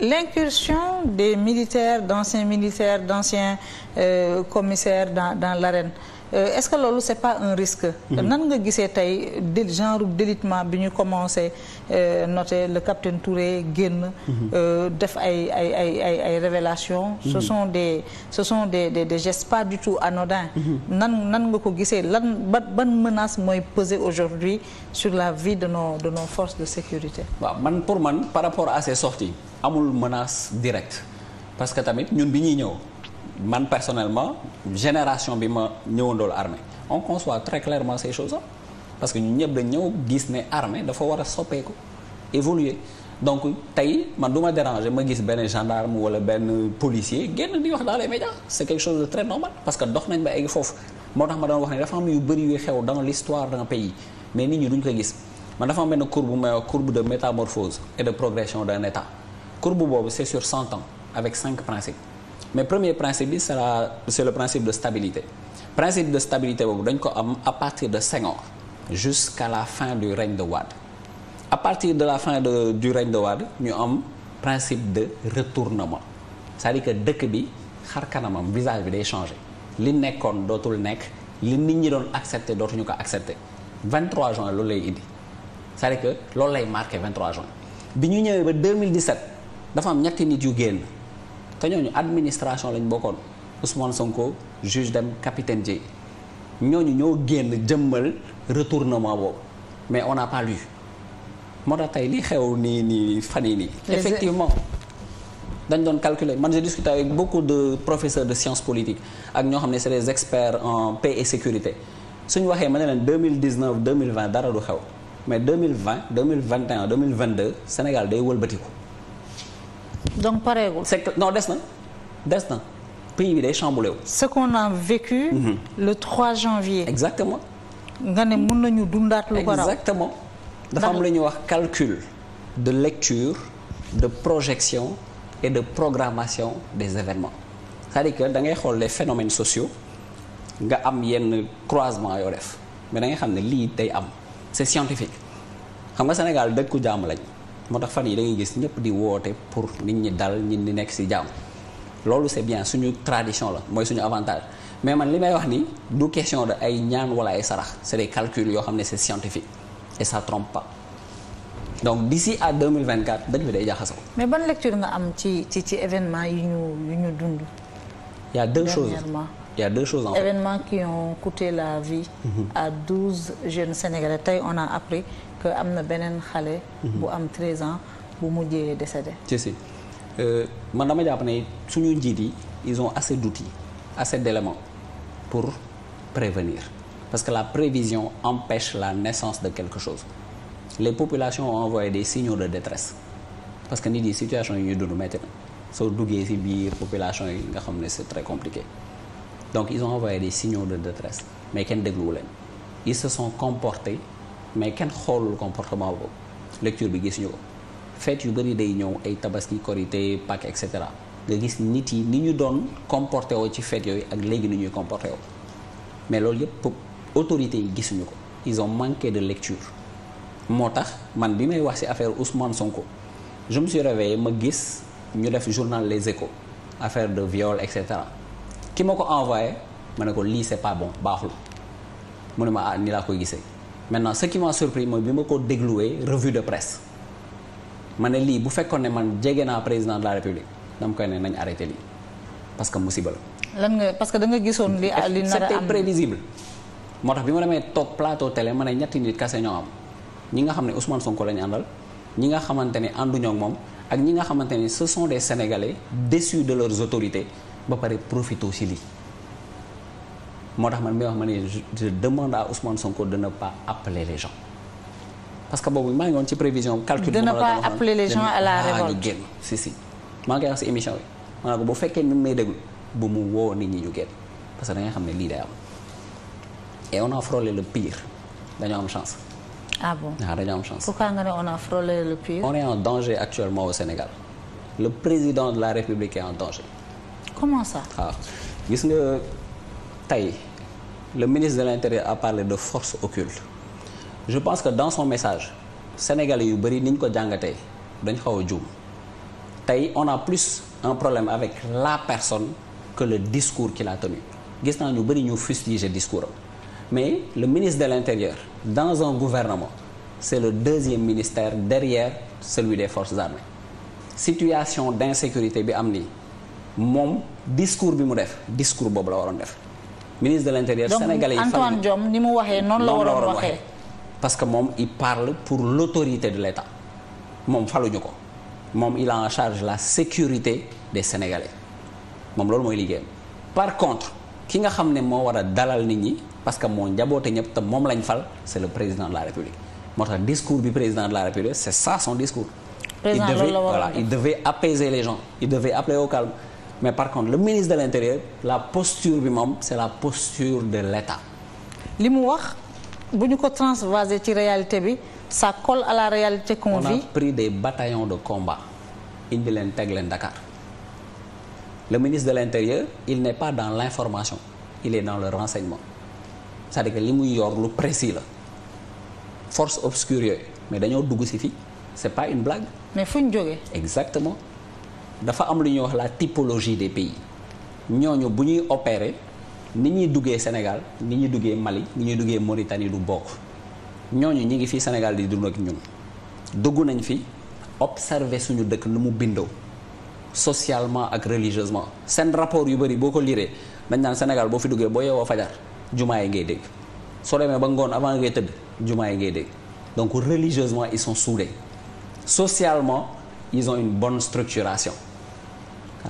L'incursion des militaires, d'anciens militaires, d'anciens euh, commissaires dans, dans l'arène. Euh, est-ce que loolu c'est pas un risque. Mm-hmm. nan nga gisee tey dé genre délitement bi ñu commencé euh, noter le capitaine Touré génn. Mm-hmm. Euh, def ay ay ay ay ay révélations. ce mm-hmm. sont des ce des des des gestes pas du tout anodins. nan nan nga ko gisee lan ban ban menace mooy peser aujourd'hui sur la vie de nos de nos forces de sécurité. waaw man pour man par rapport à ces sorties amul menace directe parce que tamit ñun bi ñuy ñëw. man personnellement génération bi ma ñëwandool armée on conçoit très clairement ces choses là parce que ñun ñëpp dañ ñëw gis ne armée dafa war a soppeeku évoluer donc tey man du ma déranger ma gis benn gendarme wala benn policier génn di wax dans les médias c' quelque chose de très normal parce que dox nañ ba egg foofu moo tax ma doon wax ne dafa am yu bëri yu xew dans l'histoire d'un pays mais nit ñi duñ ko gis man dafa am benn courbe bu may wax courbe de métamorphose et de progression d'un état boobu c' est sur cinq principes mais premier principe bi sera c'est le principe de stabilité principe de stabilité boobu dañ ko am à partir de Senghor jusqu'à la fin du règne de Wade à partir de la fin de, du règne de Wade ñu am principe de retournement c'est-à-dire que dëkk bi xar kanamam visage bi day changer li nekkoon dootul nekk li nit ñi doon accepter dootuñu ko accepter 23 juin loolu lay indi c'est-à-dire que loolu lay marqué 23 juin bi ñu ñëwee ba 2017 dafa am ñetti nit yu génn te ñooñu administration lañ bokkoon Ousmane Sonko juge dem capitaine ñoo ñu ñoo génn jëmmal retournement boobu mais on n'a pas lu moo tax tey li xew nii nii fan yii nii. effectivement dañ doon calculer man j'ai discuté avec beaucoup de professeurs de sciences politiques ak ñoo xam ne c'est des experts en paix et sécurité suñu waxee ma ne leen 2019 2020 dara du xew mais 2020 2021 2022 Sénégal day wëlbatiku. donc pareegul. c'est que des na des na pays bi day chamboulé wu. ce qu'on a vécu. Mm -hmm. le janvier. exactement. nga ne mun nañu dundaat lu ko raw exactement. dafa am lu ñuy wax calcul. de lecture de projection et de programmation des événements cest à que da ngay xool les phénomènes sociaux nga am yenn croisement yoo def mais da xam ne lii day am c'est scientifique xam nga Sénégal dëkku jàmm lañ. moo tax fan yi da ngay gis ñëpp di woote pour nit ñi dal nit ñi nekk ci jàmm loolu c'est bien suñu tradition la mooy suñu avantage mais man li may wax ni du question de ay ñaan wala ay sarax c'est des calculs yoo xam ne c'est scientifique et ça trompe pas donc d'ici à vingt dëkk bi day jaxasoo. mais ban lecture nga am ci ci ci événement yi ñu yu ñu dund. y a deux choses il y a deux choses en fait. événements qui la vie. Mm douze jeunes sénégalais tey on après que am na beneen xale. Mhm. bu am 13 ans bu mujjee décédé. ci si euh, man dama jàpp ne suñu njiit yi ils ont assez d'outils assez d'éléments pour prévenir parce que la prévision empêche la naissance de quelque chose les populations ont envoyé des signaux de détresse parce que nit yi situation yi ñuy dund métti na soo duggee ci biir population yi nga xam ne c'est très compliqué donc ils ont envoyé de signaux de détresse mais kenn dégluwu leen ils se comporté mais kenn xoolul comportement boobu lecture bi gisuñu ko feet yu bëri day ñëw ay tabaski korité Pâques et cetera nga gis nit yi ni ñu doon comporté woo ci fête yooyu ak léegi ni ñuy comporté woo mais loolu yëpp autorités yi gisuñu ko ils ont manqué de lecture moo tax man bi may wax ci affaire Ousmane Sonko je me suis réveillé ma gis ñu def journal Les Échos affaire de viol et cetera ki ma ko envoyé ma ne ko lii c'est pas bon baaxul mu ne ma ah ni laa koy gisee maintenant ce qui m'a surpris mooy bi ma ko dégluwee revue de presse man ne lii bu fekkoon ne man jege naa président de la république dama koy ne nañ arrêté lii parce que musiba la. lan nga parce que da nga gisoon li li nar a am c'était moo tax bi ma demee toog plateau télé ma ne ñetti nit kase ñoo am ñi nga xam ne Ousmane Sonko lañu àndal ñi nga xamante ne ànduñoo moom ak ñi nga xamante ne ce sont des sénégalais déçus de leurs autorités ba pare profité ci lii. moo tax man mi wax ma ne je demande à Ousmane Sonko de pas appeler les gens boobu maa ngi woon ci prévision calcul. de pas appeler les gens la révolte ñu génn si si. maa ngi koy wax si émission bi ne ko bu fekkee ni may déglu bu mu que da nga xam ne lii day am et on a frôlé le pire dañoo am chance. ah bon waaw ah, dañoo am chance. pourquoi nga ne on a frôlé le pire. on est en danger actuellement au Sénégal le président de la République est en danger. comment ça. waaw ah, gis nga. tey le ministre de l'intérieur a parlé de force occulte je pense que dans son message sénégalais yu bëri ni ko jàngatee dañ xaw a juum tey on a plus un problème avec la personne que le discours qu'il a tenu gis naa ñu bëri ñu fustiger discours am mais le ministre de l'intérieur dans un gouvernement c'est le deuxième ministère derrière celui des forces armées situation d'insécurité bi am ni moom discours bi mu def discours boobu la waroon def ministre de l' intérieur sénégalais yi Antoine Diome ni mu waxee noonu la waroon waxee parce que moom il parle pour l' autorité de l' moom moom faluñu ko moom il a en charge la sécurité des sénégalais moom loolu mooy liggéeyam par contre ki nga xam ne moo war a dalal nit ñi parce que moo njaboote ñëpp te moom lañ fal c' le président de la république moo tax discours bi président de la république c' est ça son discours il devait voilà il devait il devait mais par contre le ministre de l'intérieur la posture bi moom c'est la posture de l'État li mu wax bu ñu ko transvaser ci réalité bi ça colle à la réalité qu'on vit. on a pris des de combat indi leen teg leen ndakaar le ministre de l'intérieur il n'est pas dans l'information il est dans le renseignement cest à li muy yor lu précis la force obscure yooyu mais dañoo dugg si fii c'est pas une blague. mais fu ñu jógee. exactement. dafa am lu ñuy wax la typologie des pays ñooñu bu ñuy opérer ni ñuy duggee Sénégal ni ñuy duggee Mali ni ñuy duggee Mauritanie du bokk ñooñu ñi ngi fii Sénégal di dund ak ñun dugg nañ fi observer suñu dëkk nu mu bindoo socialement ak religieusement seen rapport yu bari boo ko liiree dañ naan Sénégal boo fi duggee boo yeewoo fajar jumaa yi ngay dégg soo demee ba ngoon avant ngay tëdd jumaa yi ngay dégg donc religieusement ils sont soudés socialement ils une bonne structuration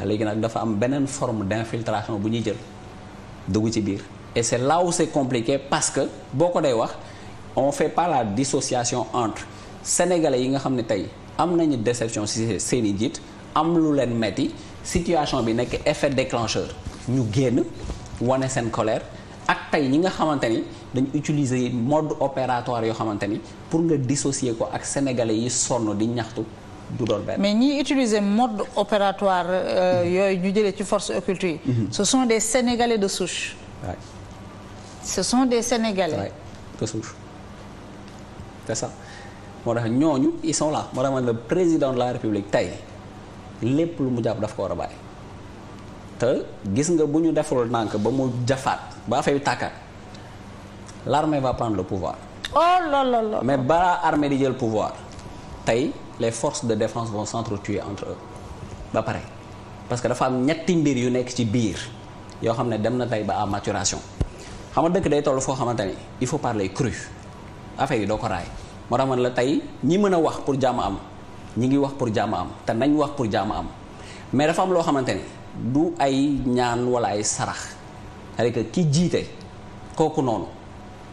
léegi nag dafa am beneen forme d'infiltration bu ñuy jël dugg ci biir et c'est là où c'est compliqué parce que boo ko dee wax on fait pas la dissociation entre sénégalais yi nga xam ne tey am nañu déception ci seen i jiit am lu leen metti situation bi nekk effet déclencheur ñu génn wane seen colère ak tey ñi nga xamante ni dañu utiliser mode opératoire yoo xamante ni pour nga dissocier ko ak sénégalais yi sonn di ñaxtu du doon benn. mais ñiy utiliser mode opératoire euh, mm-hmm. yooyu ñu jëlee ci force occulte yi. Mm-hmm. ce sont des sénégalais de souche. Ouais. ce des sénégalais. Ouais. de souche c'est moo tax ñooñu ils sont moo tax man le président de la république tey lépp lu mu jàpp daf ko war a bàyyi te gis nga bu ñu deful nànk ba mu jafaat ba affaire yu tàkkaat va prendre le pouvoir. oh là là mais balaa armée di jël pouvoir tey. les forces de défense vont s'entretuer entre eux ba pare parce que dafa am ñetti mbir yu nekk ci biir yoo xam ne dem na tey ba à maturation xam nga dëkk day toll foo xamante ni il faut parler cru affaire yi doo ko raay moo tax man la tey ñi mën a wax pour jàmm am ñi ngi wax pour jàmm am te nañ wax pour jàmm am mais dafa am loo xamante ni du ay ñaan wala ay sarax cest à ki jiite kooku noonu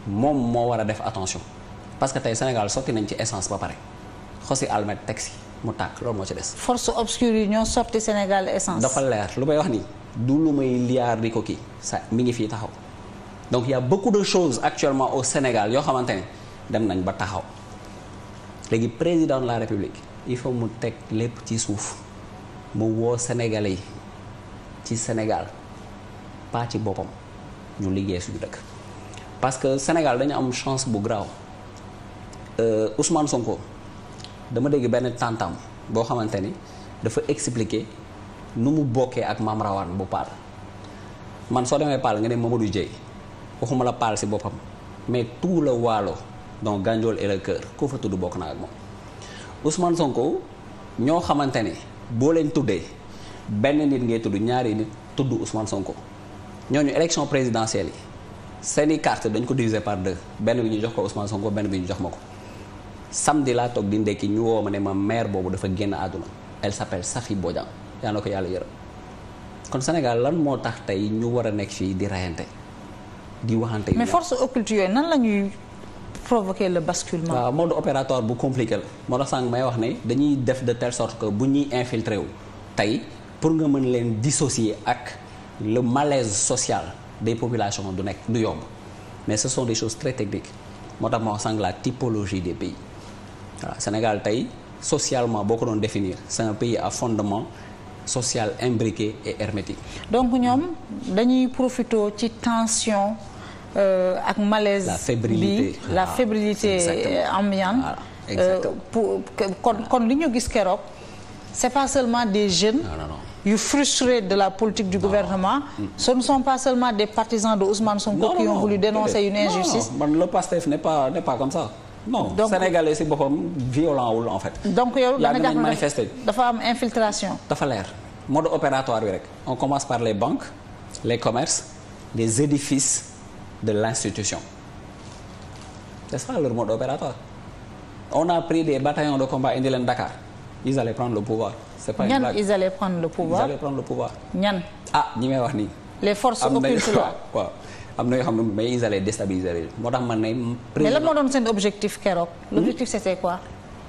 moom moo war a def attention parce que tey Sénégal sotti nañ ci essence ba pare xosi almet teg si mu tàkk moo des. force obscure yi ñoo sotti Sénégal essence. dafa leer lu may wax nii du lu may liyaar di ko kii sa mi ngi fii taxaw donc y' a beaucoup de choses actuellement au Sénégal yoo xamante ne dem nañ ba taxaw léegi président de la République il faut mu teg lépp ci suuf mu woo Sénégalais yi ci Sénégal pas ci boppam ñu liggéey suñu dëkk. parce que Sénégal dañu am chance bu graaw euh, usman Sonko. dama dégg benn tantam boo xamante ni dafa expliquer nu mu bokkee ak maam rawaan bu paal man soo demee paal nga ne Mamadou Dieye waxuma la paal si boppam mais tout le waalo donc Gandiol et le koo fa tudd bokk naa ak moom Ousmane Sonko ñoo xamante ni boo leen tuddee benn nit ngay tudd ñaari nit tudd Ousmane Sonko ñu élection présidentielle yi seeni carte dañ ko diviser par deux benn bi ñu jox ko Ousmane Sonko benn bi ñu jox ma ko samedi laa toog di ndekki ñu woo ma ne ma mère boobu dafa génn àdduna elle s'appelle Safi Bodian yaa na ko yàlla yërëm kon Sénégal lan moo tax tey ñu war a nekk fii di rayante di waxante. ma force occulte yooyu nan la ñuy provoquer le basculement. waaw mode opératoire bu compliqué la moo tax sànq may wax ne dañuy def de telle sorte que bu ñuy infiltré wu tey pour nga mën leen dissocier ak le malaise social des populations du nekk du yomb mais ce sont des choses très moo tax ma wax la typologie des pays. voilà Sénégal tey socialement boo ko doon définir c'est un pays à fondement social imbriqué et hermétique. donc ñoom dañuy profito ci tension euh, ak malaise. la fébrilité bi la fébrilité ambiante. exactement euh, pour kon kon li ñu gis keroog c'est pas seulement des jeunes. y frustrés de la politique du non. gouvernement. Mm. ce ne sont pas seulement des partisans de Ousmane Sonko. qui ont voulu dénoncer une injustice. man le PASTEF n'est pas comme ça. non donc, sénégalais si boppam violent wul en fait. donc yow da nga dafa am infiltration. dafa leer mode opératoire bi rek. on commence par les banques les commerces les édifices de l'institution c'est ça leur mode opératoire on a pris des bataillons de combat indi leen Dakar ils allaient prendre le pouvoir. c'est le pouvoir. ils allaient prendre le pouvoir. ah ñi may wax nii. les forces occultes là <laughs> am na yoo xam ne mais ils allaient déstabiliser moo tax man ne. mais lan moo doon seen objectif keroog. Hmm? l'objectif c'était quoi.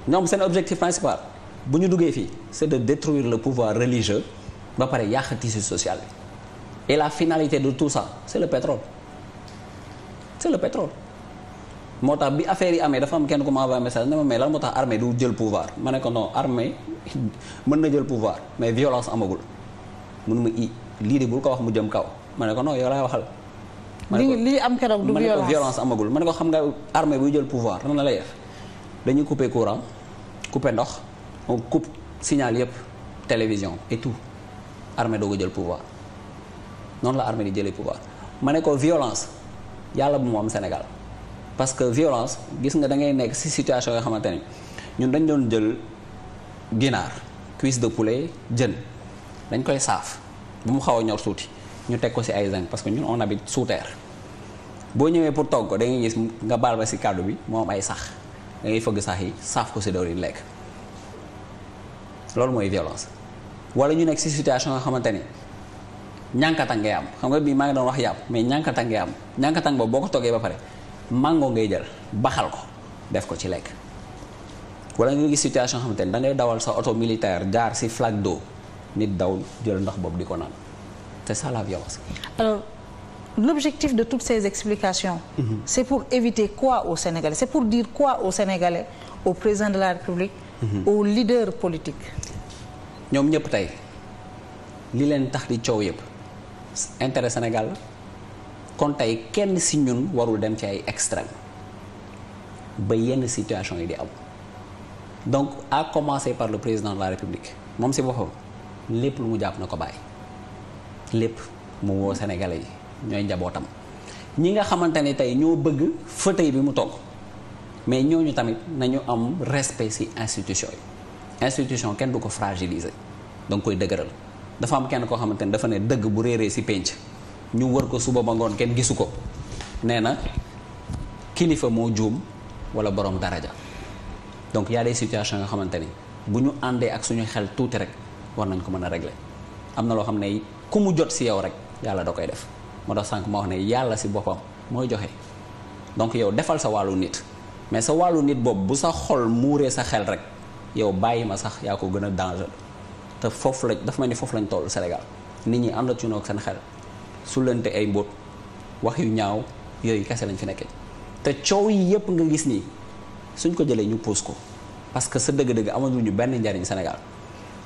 ñoom seen objectif principal bu ñu duggee fii c'est de détruire le pouvoir religieux ba pare yàq tissu sociale bi et la finalité de tout ça c'est le pétrole c'est le pétrole. moo tax bi affaire yi amee dafa am kenn ko ma envoyé message ne ma mais lan moo tax armée du jël pouvoir ma ne ko non armée <laughs> mën na jël pouvoir mais violence amagul mënu ma i lii de bul ko wax mu jëm kaw ma ne ko non li li am keroog du violence amagul ma ne ko xam nga armée buy jël pouvoir lan la lay dañuy couper courant coupe ndox on coupe signal yëpp télévision et tout armée doo ko jël pouvoir noonu la armée di jëlee pouvoir ma ne ko violence yàlla bu mu am Sénégal parce que violence gis nga dangay nekk ci situation yoo xamante ni ñun dañ doon jël ginaar cuisse de poulet jën dañ koy saaf bu mu xaw a ñor suuti ñu teg ko ci ay zinc parce que ñun on habite sous terre boo ñëwee pour togg ko da gis nga baal ba si kàddu bi moo am ay sax da ngay fëgg sax yi saaf ko si dawlin lekk loolu mooy violence. wala ñu nekk si situation nga xamante ni ñànkata ngay am xam nga bii maa ngi doon wax yàpp mais ñànkata ngay am ñànkata boobu boo ko toggee ba pare màngoo ngay jël baxal ko def ko ci lekk. wala nga gis situation xamante ni da ngay dawal sa oto militaire jaar si flaque d'eau nit daw jël ndox boobu di ko naan te ça la l'objectif de toutes ces explications mhm. c'est pour éviter quoi au Sénégalais c'est pour dire quoi au Sénégalais au président de la République mm -hmm. aux politiques ñoom ñëpp tey li leen tax di coow yëpp intérêt Sénégal kon tey kenn si ñun warul dem ci ay extrême ba yenn situation yi di am donc à commencer par le président de la République moom si boppam lépp lu mu jàpp na ko bàyyi lépp mu woo Sénégalais yi ñooy njabootam ñi nga xamante ne tey ñoo bëgg fauteuil bi mu toog mais ñooñu tamit nañu am respect ci institution yi institution kenn du ko fragiliser da koy dëgëral dafa am kenn koo xamante ne dafa ne dëgg bu réeree ci pénc ñu wër ko suba ba ngoon kenn gisu ko nee na kilifa moo juum walla boroom daraja donc y a des nga xamante ni bu ñu àndee ak suñu xel tuuti rek war nañ ko mën a régler am na loo xam ne ku mu jot ci yow rek yàlla da koy def moo tax sànq ma wax ne yàlla si boppam mooy joxe donc yow defal sa wàllu nit mais sa wàllu nit boobu bu sa xol muuree sa xel rek yow bàyyi ma sax yaa ko gën a danger te foofu la dafa mel ni foofu lañ toll Sénégal nit ñi am na àndatuñoo ak seen xel sullante ay mbóot wax yu ñaaw yooyu kese lañ fi nekkee te coow yi yëpp nga gis nii suñ ko jëlee ñu pose ko parce que sa dëgg-dëgg amatul ñu benn njariñ Sénégal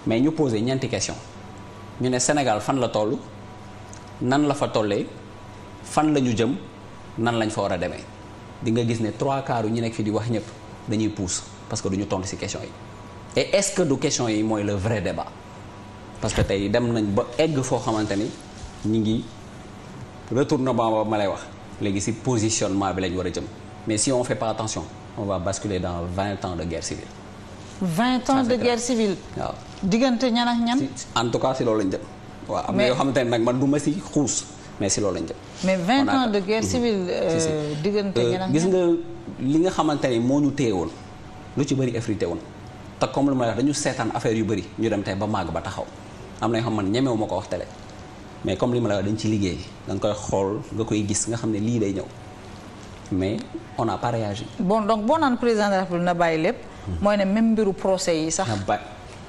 mais ñu posé ñeenti question ñu ne Sénégal fan la toll nan la fa tollee fan la ñu jëm nan lañ fa war a demee di nga gis ne trois quarts ñu nekk fi di wax ñëpp dañuy pouse parce que du ñu tontu ci question yi et est-ce que du question yi mooy le vrai débat parce que tey dem nañ ba egg foo xamante ni ñu ngi retournement ba ma lay wax léegi ci positionnement bi lañ war a jëm mais si on fait pas attention on va basculer dans vingt ans de guerre civile. vingt ans de guerre civile. waaw diggante ñan ak ñan. en tout cas si loolu lañ jëm. waaw mais na yoo xamante ne nag man du ma si xuus mais si loolu lañ mais vingt ans de guerre mhm. civile. Euh, euh, gis nga li nga xamante moo ñu téye woon lu ci bëri effrité woon te comme lu may wax dañu seetaan affaire yu bëri ñu dem tey ba màgg ba taxaw am na yoo xam man ñemewu ma ko wax télé mais comme li ma la wax dañ ci liggéey da nga koy xool nga koy gis nga xam ne lii day ñëw mais on a pas réagi. bon donc boo naan président de la na bàyyi lépp. Mhm. mooy ne même mbiru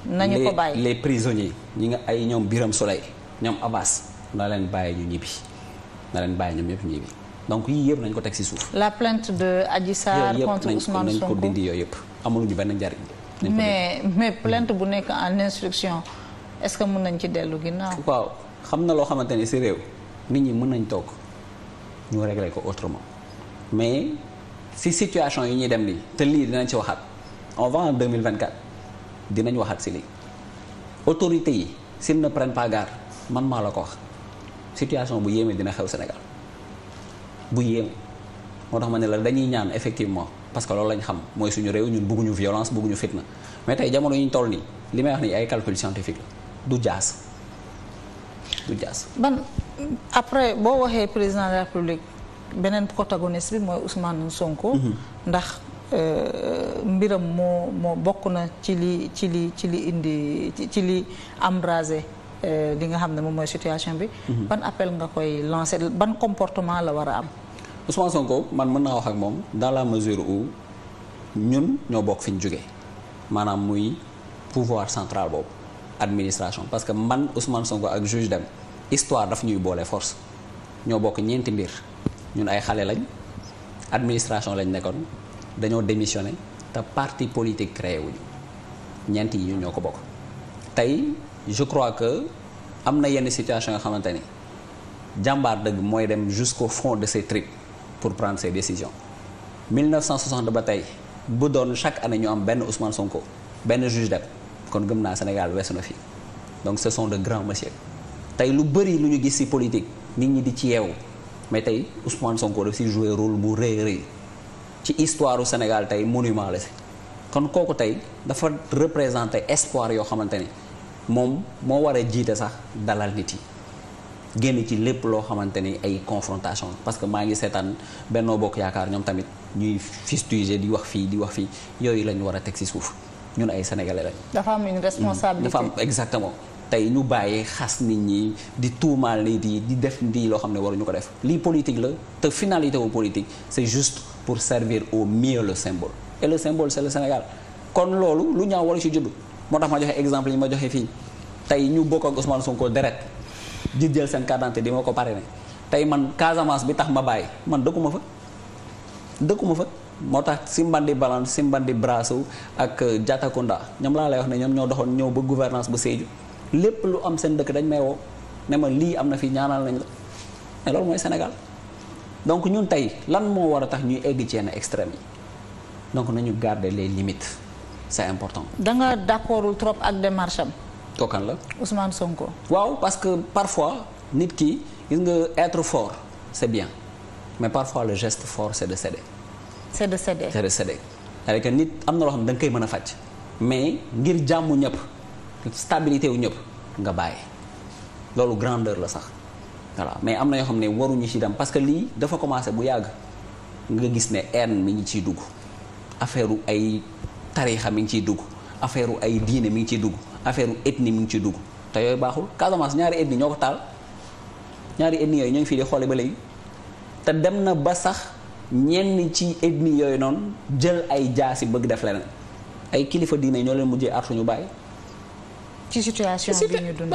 nañu ko bàyyi les prisonniers ñi nga ay ñoom Biram Souleye ñoom Abbas na leen bàyyi ñu ñibbi na leen bàyyi ñoom ñëpp ñibbi donc yii yëpp nañ ko teg ci suuf. la plainte de Adji Sarr contre Ousmane Sonko ko dindi yooyu yëpp amuluñu benn njariñ. mais mais plainte bu nekk en instruction est-ce que mën nañ ci dellu ginnaaw. waaw xam na loo xamante ni si réew nit ñi mën nañ toog ñu régler ko autrement mais ci situation yi ñuy dem nii te lii dinañ ci waxaat on va en 2024. dinañ waxaat si lii autorité yi s'ils ne prennent pas garde man maa la ko wax situation bu yéeme dina xew Sénégal bu yéeme moo tax ma ne la dañuy ñaan effectivement parce que loolu lañ xam mooy suñu réew ñun bëgguñu violence bëgguñu fitna mais tey jamono yi ñu toll nii li may wax nii ay calcul scientifique la du jaas du jaas. ban après boo waxee président de République beneen protagoniste bi mooy Ousmane Sonko. Mhm. ndax. Euh, mbiram moo moo bokk na ci li ci li ci li indi ci li am rasé euh, li nga xam ne moom mooy situation bi. Mhm. ban appel nga koy lancé ban comportement la war a am. Ousmane Sonko man mën naa wax ak moom dans la mesure où ñun ñoo bokk fi ñu jógee maanaam muy pouvoir central boobu administration parce que man Ousmane Sonko ak juge dem histoire daf ñuy boolee force ñoo bokk ñeenti mbir ñun ay xale lañ administration lañ nekkoon. dañoo démissionné te parti politique créé wuñu ñeent yi ñun ñoo ko bokk. tey je crois que am na yenn situation yoo xamante ni jàmbaar dëgg mooy dem jusqu'au fond de ses tripes pour prendre ses décisions 1960 ba tey bu doon chaque année ñu am benn Ousmane Sonko benn juge dem kon gëm naa Sénégal weesu na fii donc ce de grands messieurs tey lu bëri lu ñu gis ci politique nit ñi di ci yeewu mais tey Ousmane Sonko daf ci jouer rôle bu rëy rëy. ci histoire Sénégal tey monument la si kon kooku tey dafa représenté espoire yoo xamante ni moom moo war a jiite sax dalal nit yi génn ci lépp loo xamante ni ay confrontation parce que maa ngi seetaan Benno Bokk Yaakaar ñoom tamit ñuy fustiger di wax fii di wax fii yooyu lañ war a teg si suuf ñun ay sénégalais lañ. dafa am une hmm. responsabilité dafa am exactement. tey ñu bàyyee xas nit ñi di tuumaal nit yi di def ndi loo xam ne ñu ko def lii politique la te finalité wu politique c'est pour servir au mieux le symbole et le symbole c'est le Sénégal kon loolu lu ñaaw wala ci juddu moo tax ma joxe exemple yi ma joxe fii tey ñu bokk ak Ousmane Sonko deret di jël seen carte di ma ko parrainé tey man Casamance bi tax ma bàyyi man dëkkuma fa dëkkuma fa moo tax si Simbandi Balan Simbandi Brassou ak euh, Diattacounda ñoom laa lay wax ne ñoom ñoo doxoon ñëw ba gouvernance ba Sédhiou lépp lu am seen dëkk dañ may woo ne ma lii am na fii ñaanal nañ la donc ñun tey lan moo war a tax ñuy egg ci yenn extrême yi donc nañu garder les limites c'est important. da nga d'accordul trop ak démarche am. kookan la Ousmane Sonko. waaw parce que parfois nit ki gis nga être fort c'est bien mais parfois le geste fort c'est de c'est de céder c'est de céder. cest à que nit am na loo xam ne da koy mën a faj mais ngir jàmm ñëpp stabilité wu ñëpp nga bàyyi loolu grandeur la sax. voilà mais am na yoo xam ne waruñu ci dem parce que lii dafa commencé bu yàgg nga gis ne haine mi ngi ciy dugg affaire ay tariixa mi ngi ciy dugg affaire ay diine mi ngi ciy dugg affaire ethnie mi ngi ciy dugg te yooyu baaxul Casamance ñaari ethnie ñoo ko taal ñaari ethnie yooyu ñoo ngi fii di xoole ba léegi te dem na ba sax ñenn ci ethnie yooyu noonu jël ay jaasi bëgg def leneen ay kilifa diine ñoo leen mujjee artu ñu bàyyi. ci situation bi ñu dund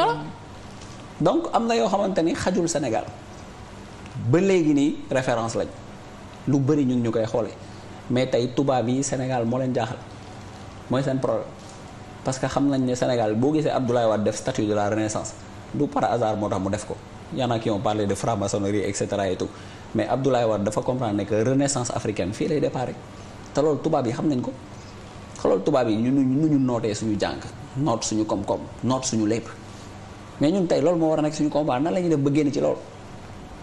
donc am na yoo xamante ni xajul Sénégal ba léegi nii référence lañ lu bëri ñun ñu koy xoolee mais tey tubaab yi Sénégal moo leen jaaxal mooy seen problème parce que xam nañ ne Sénégal boo gisee Abdoulaye Wade def statue de la Renaissance du par hasard moo tax mu def ko y en a qui ont parlé de franc-maçonnerie et cetera et tout mais Abdoulaye Wade dafa comprendre ne que Renaissance africaine fii lay déparé te loolu tubaab yi xam nañ ko xoolal tubaab yi ñu nu ñu nootee suñu jàng noot suñu koom-koom suñu lépp. mais ñun tey loolu moo war a nekk suñu combat nan la ñuy def ba génn ci loolu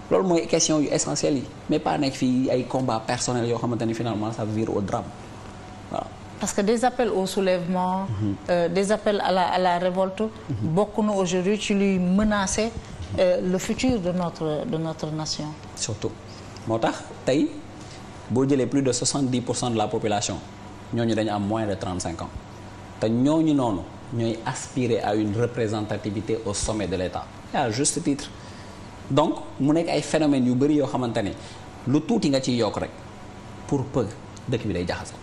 loolu mooy question yu essentielle yi mais pas nekk fi ay combat personnel yoo xamante ni finalement ça vire au drame waaw. parce que des appels au soulèvement. Mhm. Euh, des appels à la la révolte. Mhm. bokk na aujourd'hui ci luy menacer euh, le futur de notre de notre nation. surtout moo tax tey boo jëlee plus de 70 pour cent de la population ñooñu dañu am moins de 35 ans te ñooñu noonu. ñooy aspirer à une représentativité au sommet de l'État et à juste titre donc mu nekk ay phénomènes yu bëri yoo xamante ne lu tuuti nga ciy yokk rek pour peu dëkk bi day jaxase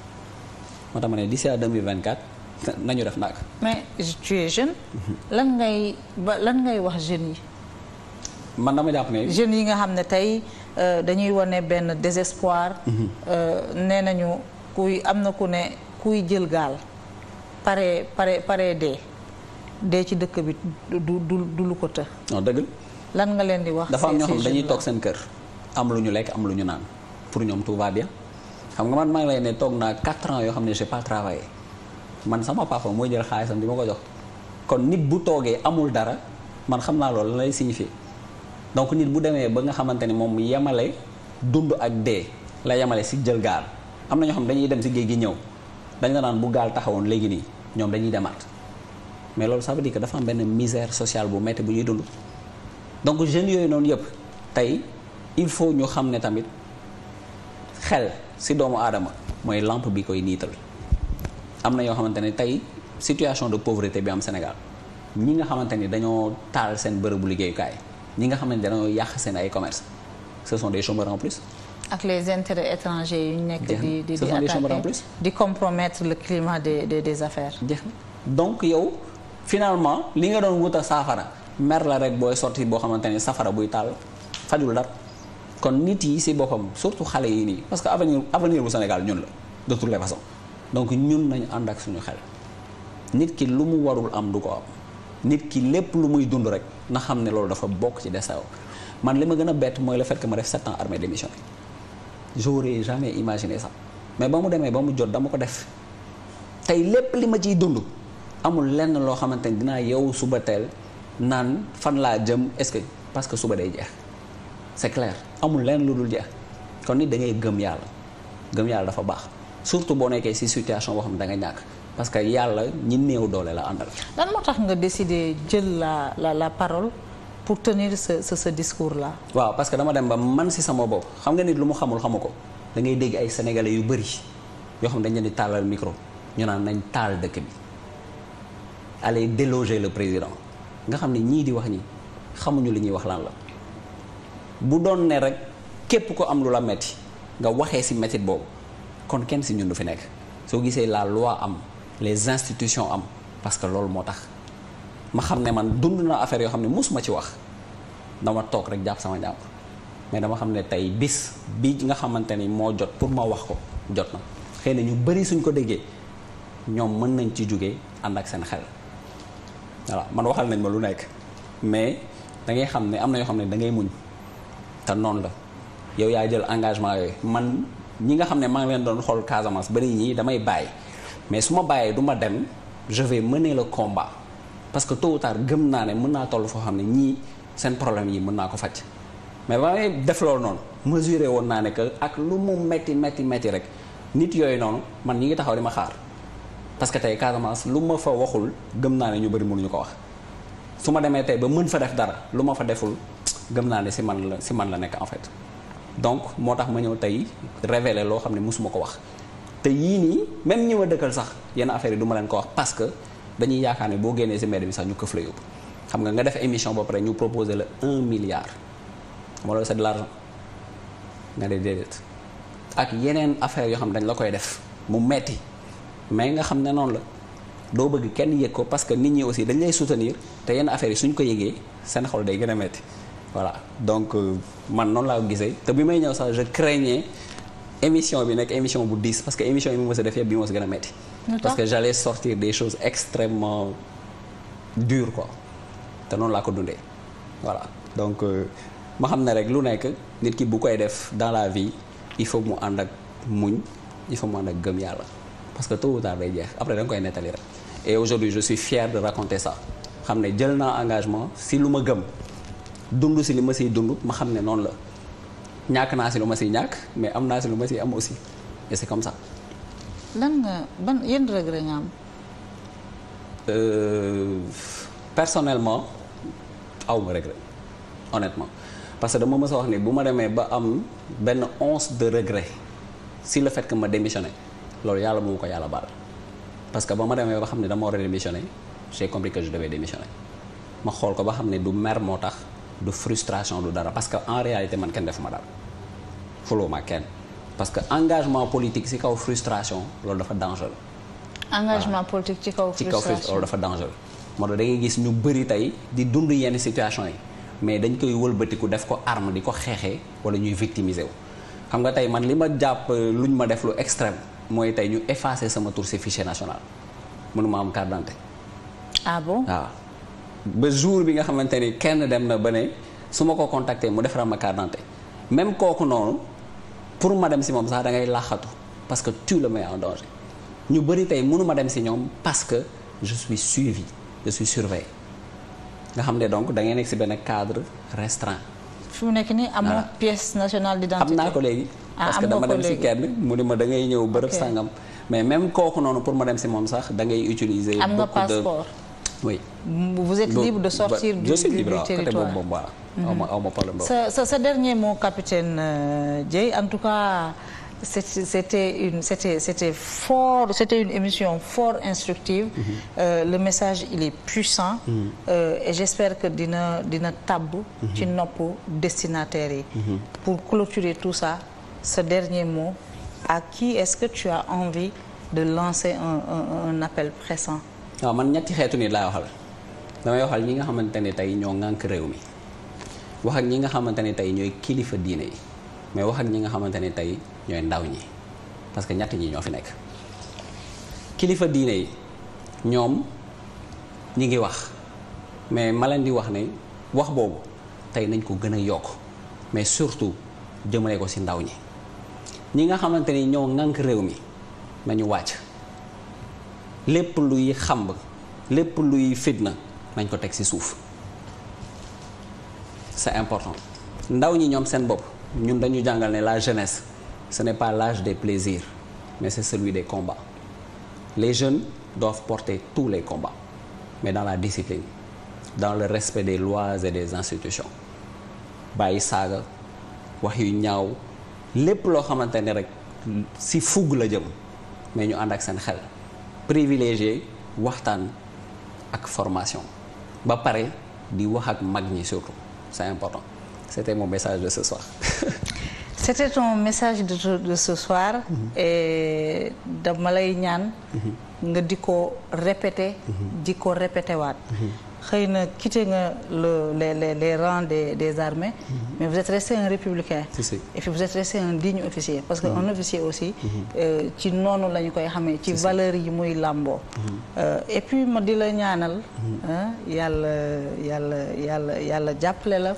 moo tax ma ne d'ici à 2024 nañu def nag. mais tu es jeune. lan ngay ba lan ngay wax jeunes yi. man dama jàpp ne. jeunes yi nga xam ne tey euh, dañuy wane benn désespoir. Mhm. Euh, nee nañu kuy am na ku ne kuy jël gaal. pare pare pare dee dee ci dëkk bi du du du lu ko të. non dëgg lan nga leen di wax. dafa am ñoo xam dañuy toog seen kër. am lu ñu lekk am lu ñu naan pour ñoom tout va bien xam nga man maa lay ne toog naa 4 ans yoo xam ne j'ai pas travaillé man sama papa mooy jël xaalisam di ma ko jox kon nit bu toogee amul dara man xam naa loolu lan lay signifier donc nit bu demee ba nga xamante ne moom yemale dund ak dee la yamale si jël gaal am na ñoo xam dañuy dem si géej gi ñëw. dañ la naan bu gaal taxawoon léegi nii ñoom dañuy demaat mais loolu ça veut dire que dafa am benn misère sociale bu métti bu ñuy dund donc jeunes yooyu noonu yëpp tey il faut ñu xam ne tamit xel si doomu aadama mooy làmp bi koy niital am na yoo xamante ne tey situation de pauvreté bi am Sénégal ñi nga xamante ni dañoo taal seen bërëbu liggéeyukaay ñi nga xamante ne dañoo yàq seen ay commerce ce sont des chômeurs en plus ak les intérêts étrangers yu nekk. di di di attaqué di compromettre le climat des des, des affaires. jeex donc yow finalement li nga doon wuta saafara mer la rek booy sorti boo xamante ne safara buy taal fajul dara kon nit yi si boppam surtout xale yi nii parce que avenir avenir bu Sénégal ñun la de toutes les façons donc ñun nañu ànd ak suñu xel nit ki lu mu warul am du ko am nit ki lépp lu muy dund rek na xam ne loolu dafa bokk ci desaaw man li ma gën a bett mooy le fait que ma def sept ans j'aurais jamais imaginé ça mais ba mu demee ba mu jot dama ko def tey lépp li ma ciy dund amul lenn loo xamante ni dinaa yow suba teel naan fan laa jëm est-ce parce que suba day jeex c'est clair amul lenn lu dul jeex kon nit da ngay gëm yàlla gëm yàlla dafa baax surtout boo nekkee ci situation boo xam ne da nga ñàkk parce que yàlla ñi néew doole la àndal. lan moo tax nga décider jël la la la parole. pour tenir sa sa ce discours là. waaw parce que dama dem ba man si sama bopp xam nga nit lu mu xamul xamu ko da ngay dégg ay sénégalais yu bëri yoo xam dañ leen di taalal micro ñu naan nañ taal dëkk bi aller déloger le président nga xam ne ñii di wax ñi xamuñu li ñuy wax lan la bu doon ne rek képp ko am lu la metti nga waxee si mettit boobu kon kenn si ñun du fi nekk soo gisee la loi am les institutions am parce que loolu moo tax. ma xam ne man dund naa affaire yoo xam ne mosuma ci wax dama toog rek jàpp sama jàmbur mais dama xam ne tey bis bi nga xamante ni moo jot pour ma wax ko jot na xëy na ñu bëri suñ ko déggee ñoom mën nañ ci jóge ànd ak seen xel voilà man waxal nañ ma lu nekk mais da ngay xam ne am na yoo xam ne da ngay muñ te noonu la yow yaa jël engagement yooyu man ñi nga xam ne maa ngi leen doon xool Casamance bëri ñii damay bàyyi mais su ma bàyyee du ma dem je vais mener le combat parce que tôt ou tard gëm naa ne mën naa toll foo xam ne ñii seen problème yi mën naa ko faj mais ba may def loolu noonu mesuré woon naa ne que ak lu mu metti metti metti rek nit yooyu noonu man ñi ngi taxaw di ma xaar parce que tey Casamance lu ma fa waxul gëm naa ne ñu bëri mënuñu ko wax su ma demee tey ba mën fa def dara lu ma fa deful gëm naa ne si man la si man la nekk en fait donc moo tax ma ñëw tey révélé loo xam ne mosuma ko wax te yii nii même ñëw a dëkkal sax yenn affaire du ma leen ko wax parce que dañuy yaakaar ne boo génnee si mbedd bi sax ñu këf la yóbbu xam nga nga def émission ba pare ñu proposé la un milliard xam nga loolu c'est de nga dee déedéet ak yeneen affaire yoo xam dañ la koy def mu metti mais nga xam ne noonu la doo bëgg kenn yëg ko parce que nit ñi aussi dañ lay soutenir te yenn affaires yi suñ ko yëgee seen xol day gën a metti voilà donc euh, man noonu laa ko gisee te bi may ñëw sax je craignais émission bi nekk émission bu diis parce que émission yi mu mos a def yëpp bi moo si gën a metti parce que j'allais sortir des choses extrêmement dures quoi te noonu laa ko dundee voilà donc euh, ma xam ne rek lu nekk nit ki bu koy def dans la vie il faut mu ànd ak muñ il faut mu ànd ak gëm yàlla parce que tôt ou tard day jeex après da koy nettali rek et aujourd'hui je suis fier de raconter ça xam ne jël naa engagement si lu ma gëm dund si li ma siy dund xam ne noonu la ñàkk naa si lu ma si ñàkk mais am naa si lu ma si am aussi et c'est comme ça. lan nga ban yéen regret nga am. Euh, personnellement aw ma regret honnêtement parce que dama mës a wax ni bu ma demee ba am benn once de regret si la fait ma démissionné loolu yàlla moo ko yàlla baal parce que ba ma demee ba xam ne dama war a démissionné j'ai compris que je devais ma xool ko ba xam ne du mer moo tax. du frustration du dara parce que en réalité man kenn defuma dara fuloo ma kenn parce que engagement politique ci kaw frustration loolu dafa dangereux. engagement politique ci kaw. frustration ci kaw loolu dafa dangereux. moo tax da ngay gis ñu bëri tey di dund yenn situation yi mais dañ koy wëlbatiku def ko arme di ko xeexee wala ñuy victimiser wu. xam nga tey man li ma jàpp euh, lu ñu ma def lu extrême mooy tey ñu effacer sama tour ci fichier national mënuma am carte d'identité. Ah ah. ba jour bi nga xamante ni kenn dem na ba ne su ma ko contacter mu defaral ma carte d'identité même kooku noonu pour ma dem si moom sax da ngay laaxatu parce que tu le mets en danger ñu bëri tey mënu dem si ñoom parce que je suis suivi je nga xam ne donc da ngay nekk si benn cadre restreint. fi mu nekk nii amoo pièce nationale d'identité. am naa ko léegi. Ah, parce que dama dem si kenn mu ma da ngay ñëw bërëb sangam. mais même kooku noonu pour ma dem si moom sax da ngay utiliser. am nga passeport oui vous êtes libre de sortir du, du, du territoire mm-hmm. sa, sa, sa dernier mot capitaine euh, Dièye en tout cas c'était une c'était c'était fort c'était une émission fort instructive mm -hmm. euh, le message il est puissant mm -hmm. euh, et j'espère que dina dina tàbb mhm. ci nopp destinataires yi mhm. pour clôturer tout ça ce dernier mot à qui est-ce que tu as envie de lancer un, un, un appel pressant waaw man ñetti xeetu nit laay waxal damay waxal ñi nga xamante ne tey ñoo ŋànk réew mi wax ak ñi nga xamante ne tey ñooy kilifa diine mais wax ak ñi nga xamante ne tey ñooy ndaw ñi parce que ñett ñi ñoo fi nekk. kilifa diine yi ñoom ñi ngi wax mais maleen leen di wax ne wax boobu tey nañ ko gën a yokk mais surtout jëmale ko si ndaw ñi ñi nga xamante ni ñoo ŋànk réew mi nañu wàcc. lépp luy xamb lépp luy fitna nañ ko teg ci suuf c'est important ndaw ñi ñoom seen bopp ñun dañu jàngal ne la jeunesse ce n'est pas l'âge des plaisirs mais c'est celui des combats les jeunes doivent porter tous les combats mais dans la discipline dans le respect des lois et des institutions bàyyi saaga wax yu ñaaw lépp loo xamante ne rek ci fugg la jëm mais ñu ànd ak seen xel privilégié waxtaan ak formation ba pare di wax ak mag ñi surtout c'est important c'était mon message de ce soir. <laughs> message de de soir. Mm -hmm. et dama lay ñaan. Mhm. nga di ko répéter. Mhm. di ko répéter waat. Mhm. xëy na quitté nga le les les les rangs des des mm-hmm. mais vous êtes resté un républicain. Si, si. et puis vous êtes resté un digne officier. parce que mm officier aussi. Mm-hmm. Euh, ci noonu la ñu koy xamee. ci valeur yi muy làmboo. Mm-hmm. Euh, et puis ma di la ñaanal. yàlla yàlla yàlla yàlla jàppale la.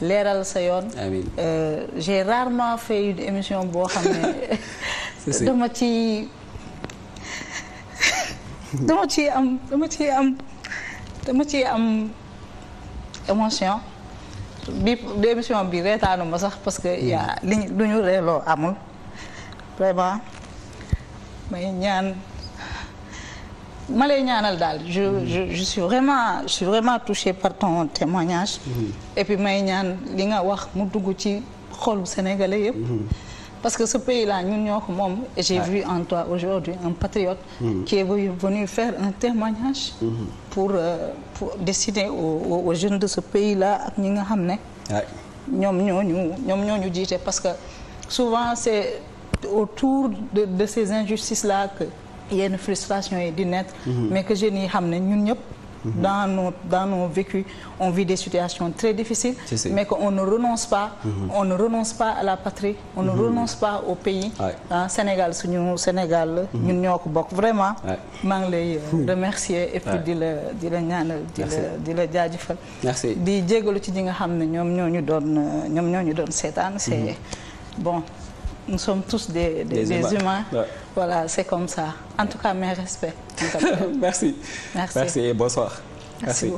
leeral sa yoon. amiin euh, j'ai rarement fait une émission boo xam ne. <laughs> dama ci <laughs> dama ci am dama ci am. dama ci am émotion bi émission bi reetaanu ma sax parce que ya hmm. li lu ñu reeloo amul vraiment may ñaan ma lay ñaanal daal je hmm. je je suis vraiment je suis vraiment touchée par ton témoignage. Hmm. et puis may ñaan li nga wax mu dugg ci xolu sénégalais yëpp. parce que ce pays la ñun ñoo ko moom et vu en toi aujourd'hui un patriote mmh. qui est venu faire un témoignage mm-hmm. pour euh, pour destiner aux, jeunes de ce pays la ak ñi nga xam ne ñoom ñooñu ñoom ñooñu jiite parce que souvent c'est autour de, de ces injustices là que yenn frustration yi di naître mm-hmm. mais que jeunes yi xam ne ñun ñëpp dans mhm. no dans nos on vit des situations très difficiles mais qu'on ne renonce pas mhm. on ne renonce pas à la patrie on ne mhm. renonce pas au pays ah Sénégal suñu Sénégal ñun ñoo ko bokk vraiment maa ngi lay euh, remercier et puis di la di la ñaanal di la di la jaajëfal jégalu ci ñi nga xam ne ñoom ñoo ñu doon ñoom ñoo ñu doon seetaan c'est bon nous sommes tous des des, voilà c'est comme ça en tout cas mes respects. <laughs> merci merci merci bonsoir. merci,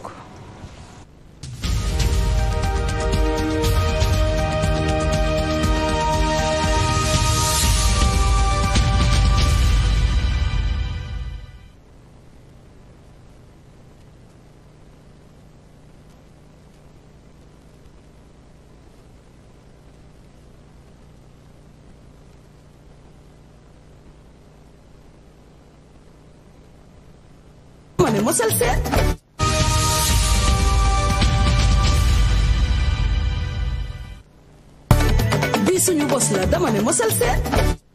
mosal seet bi suñu bos la dama ne mosal seet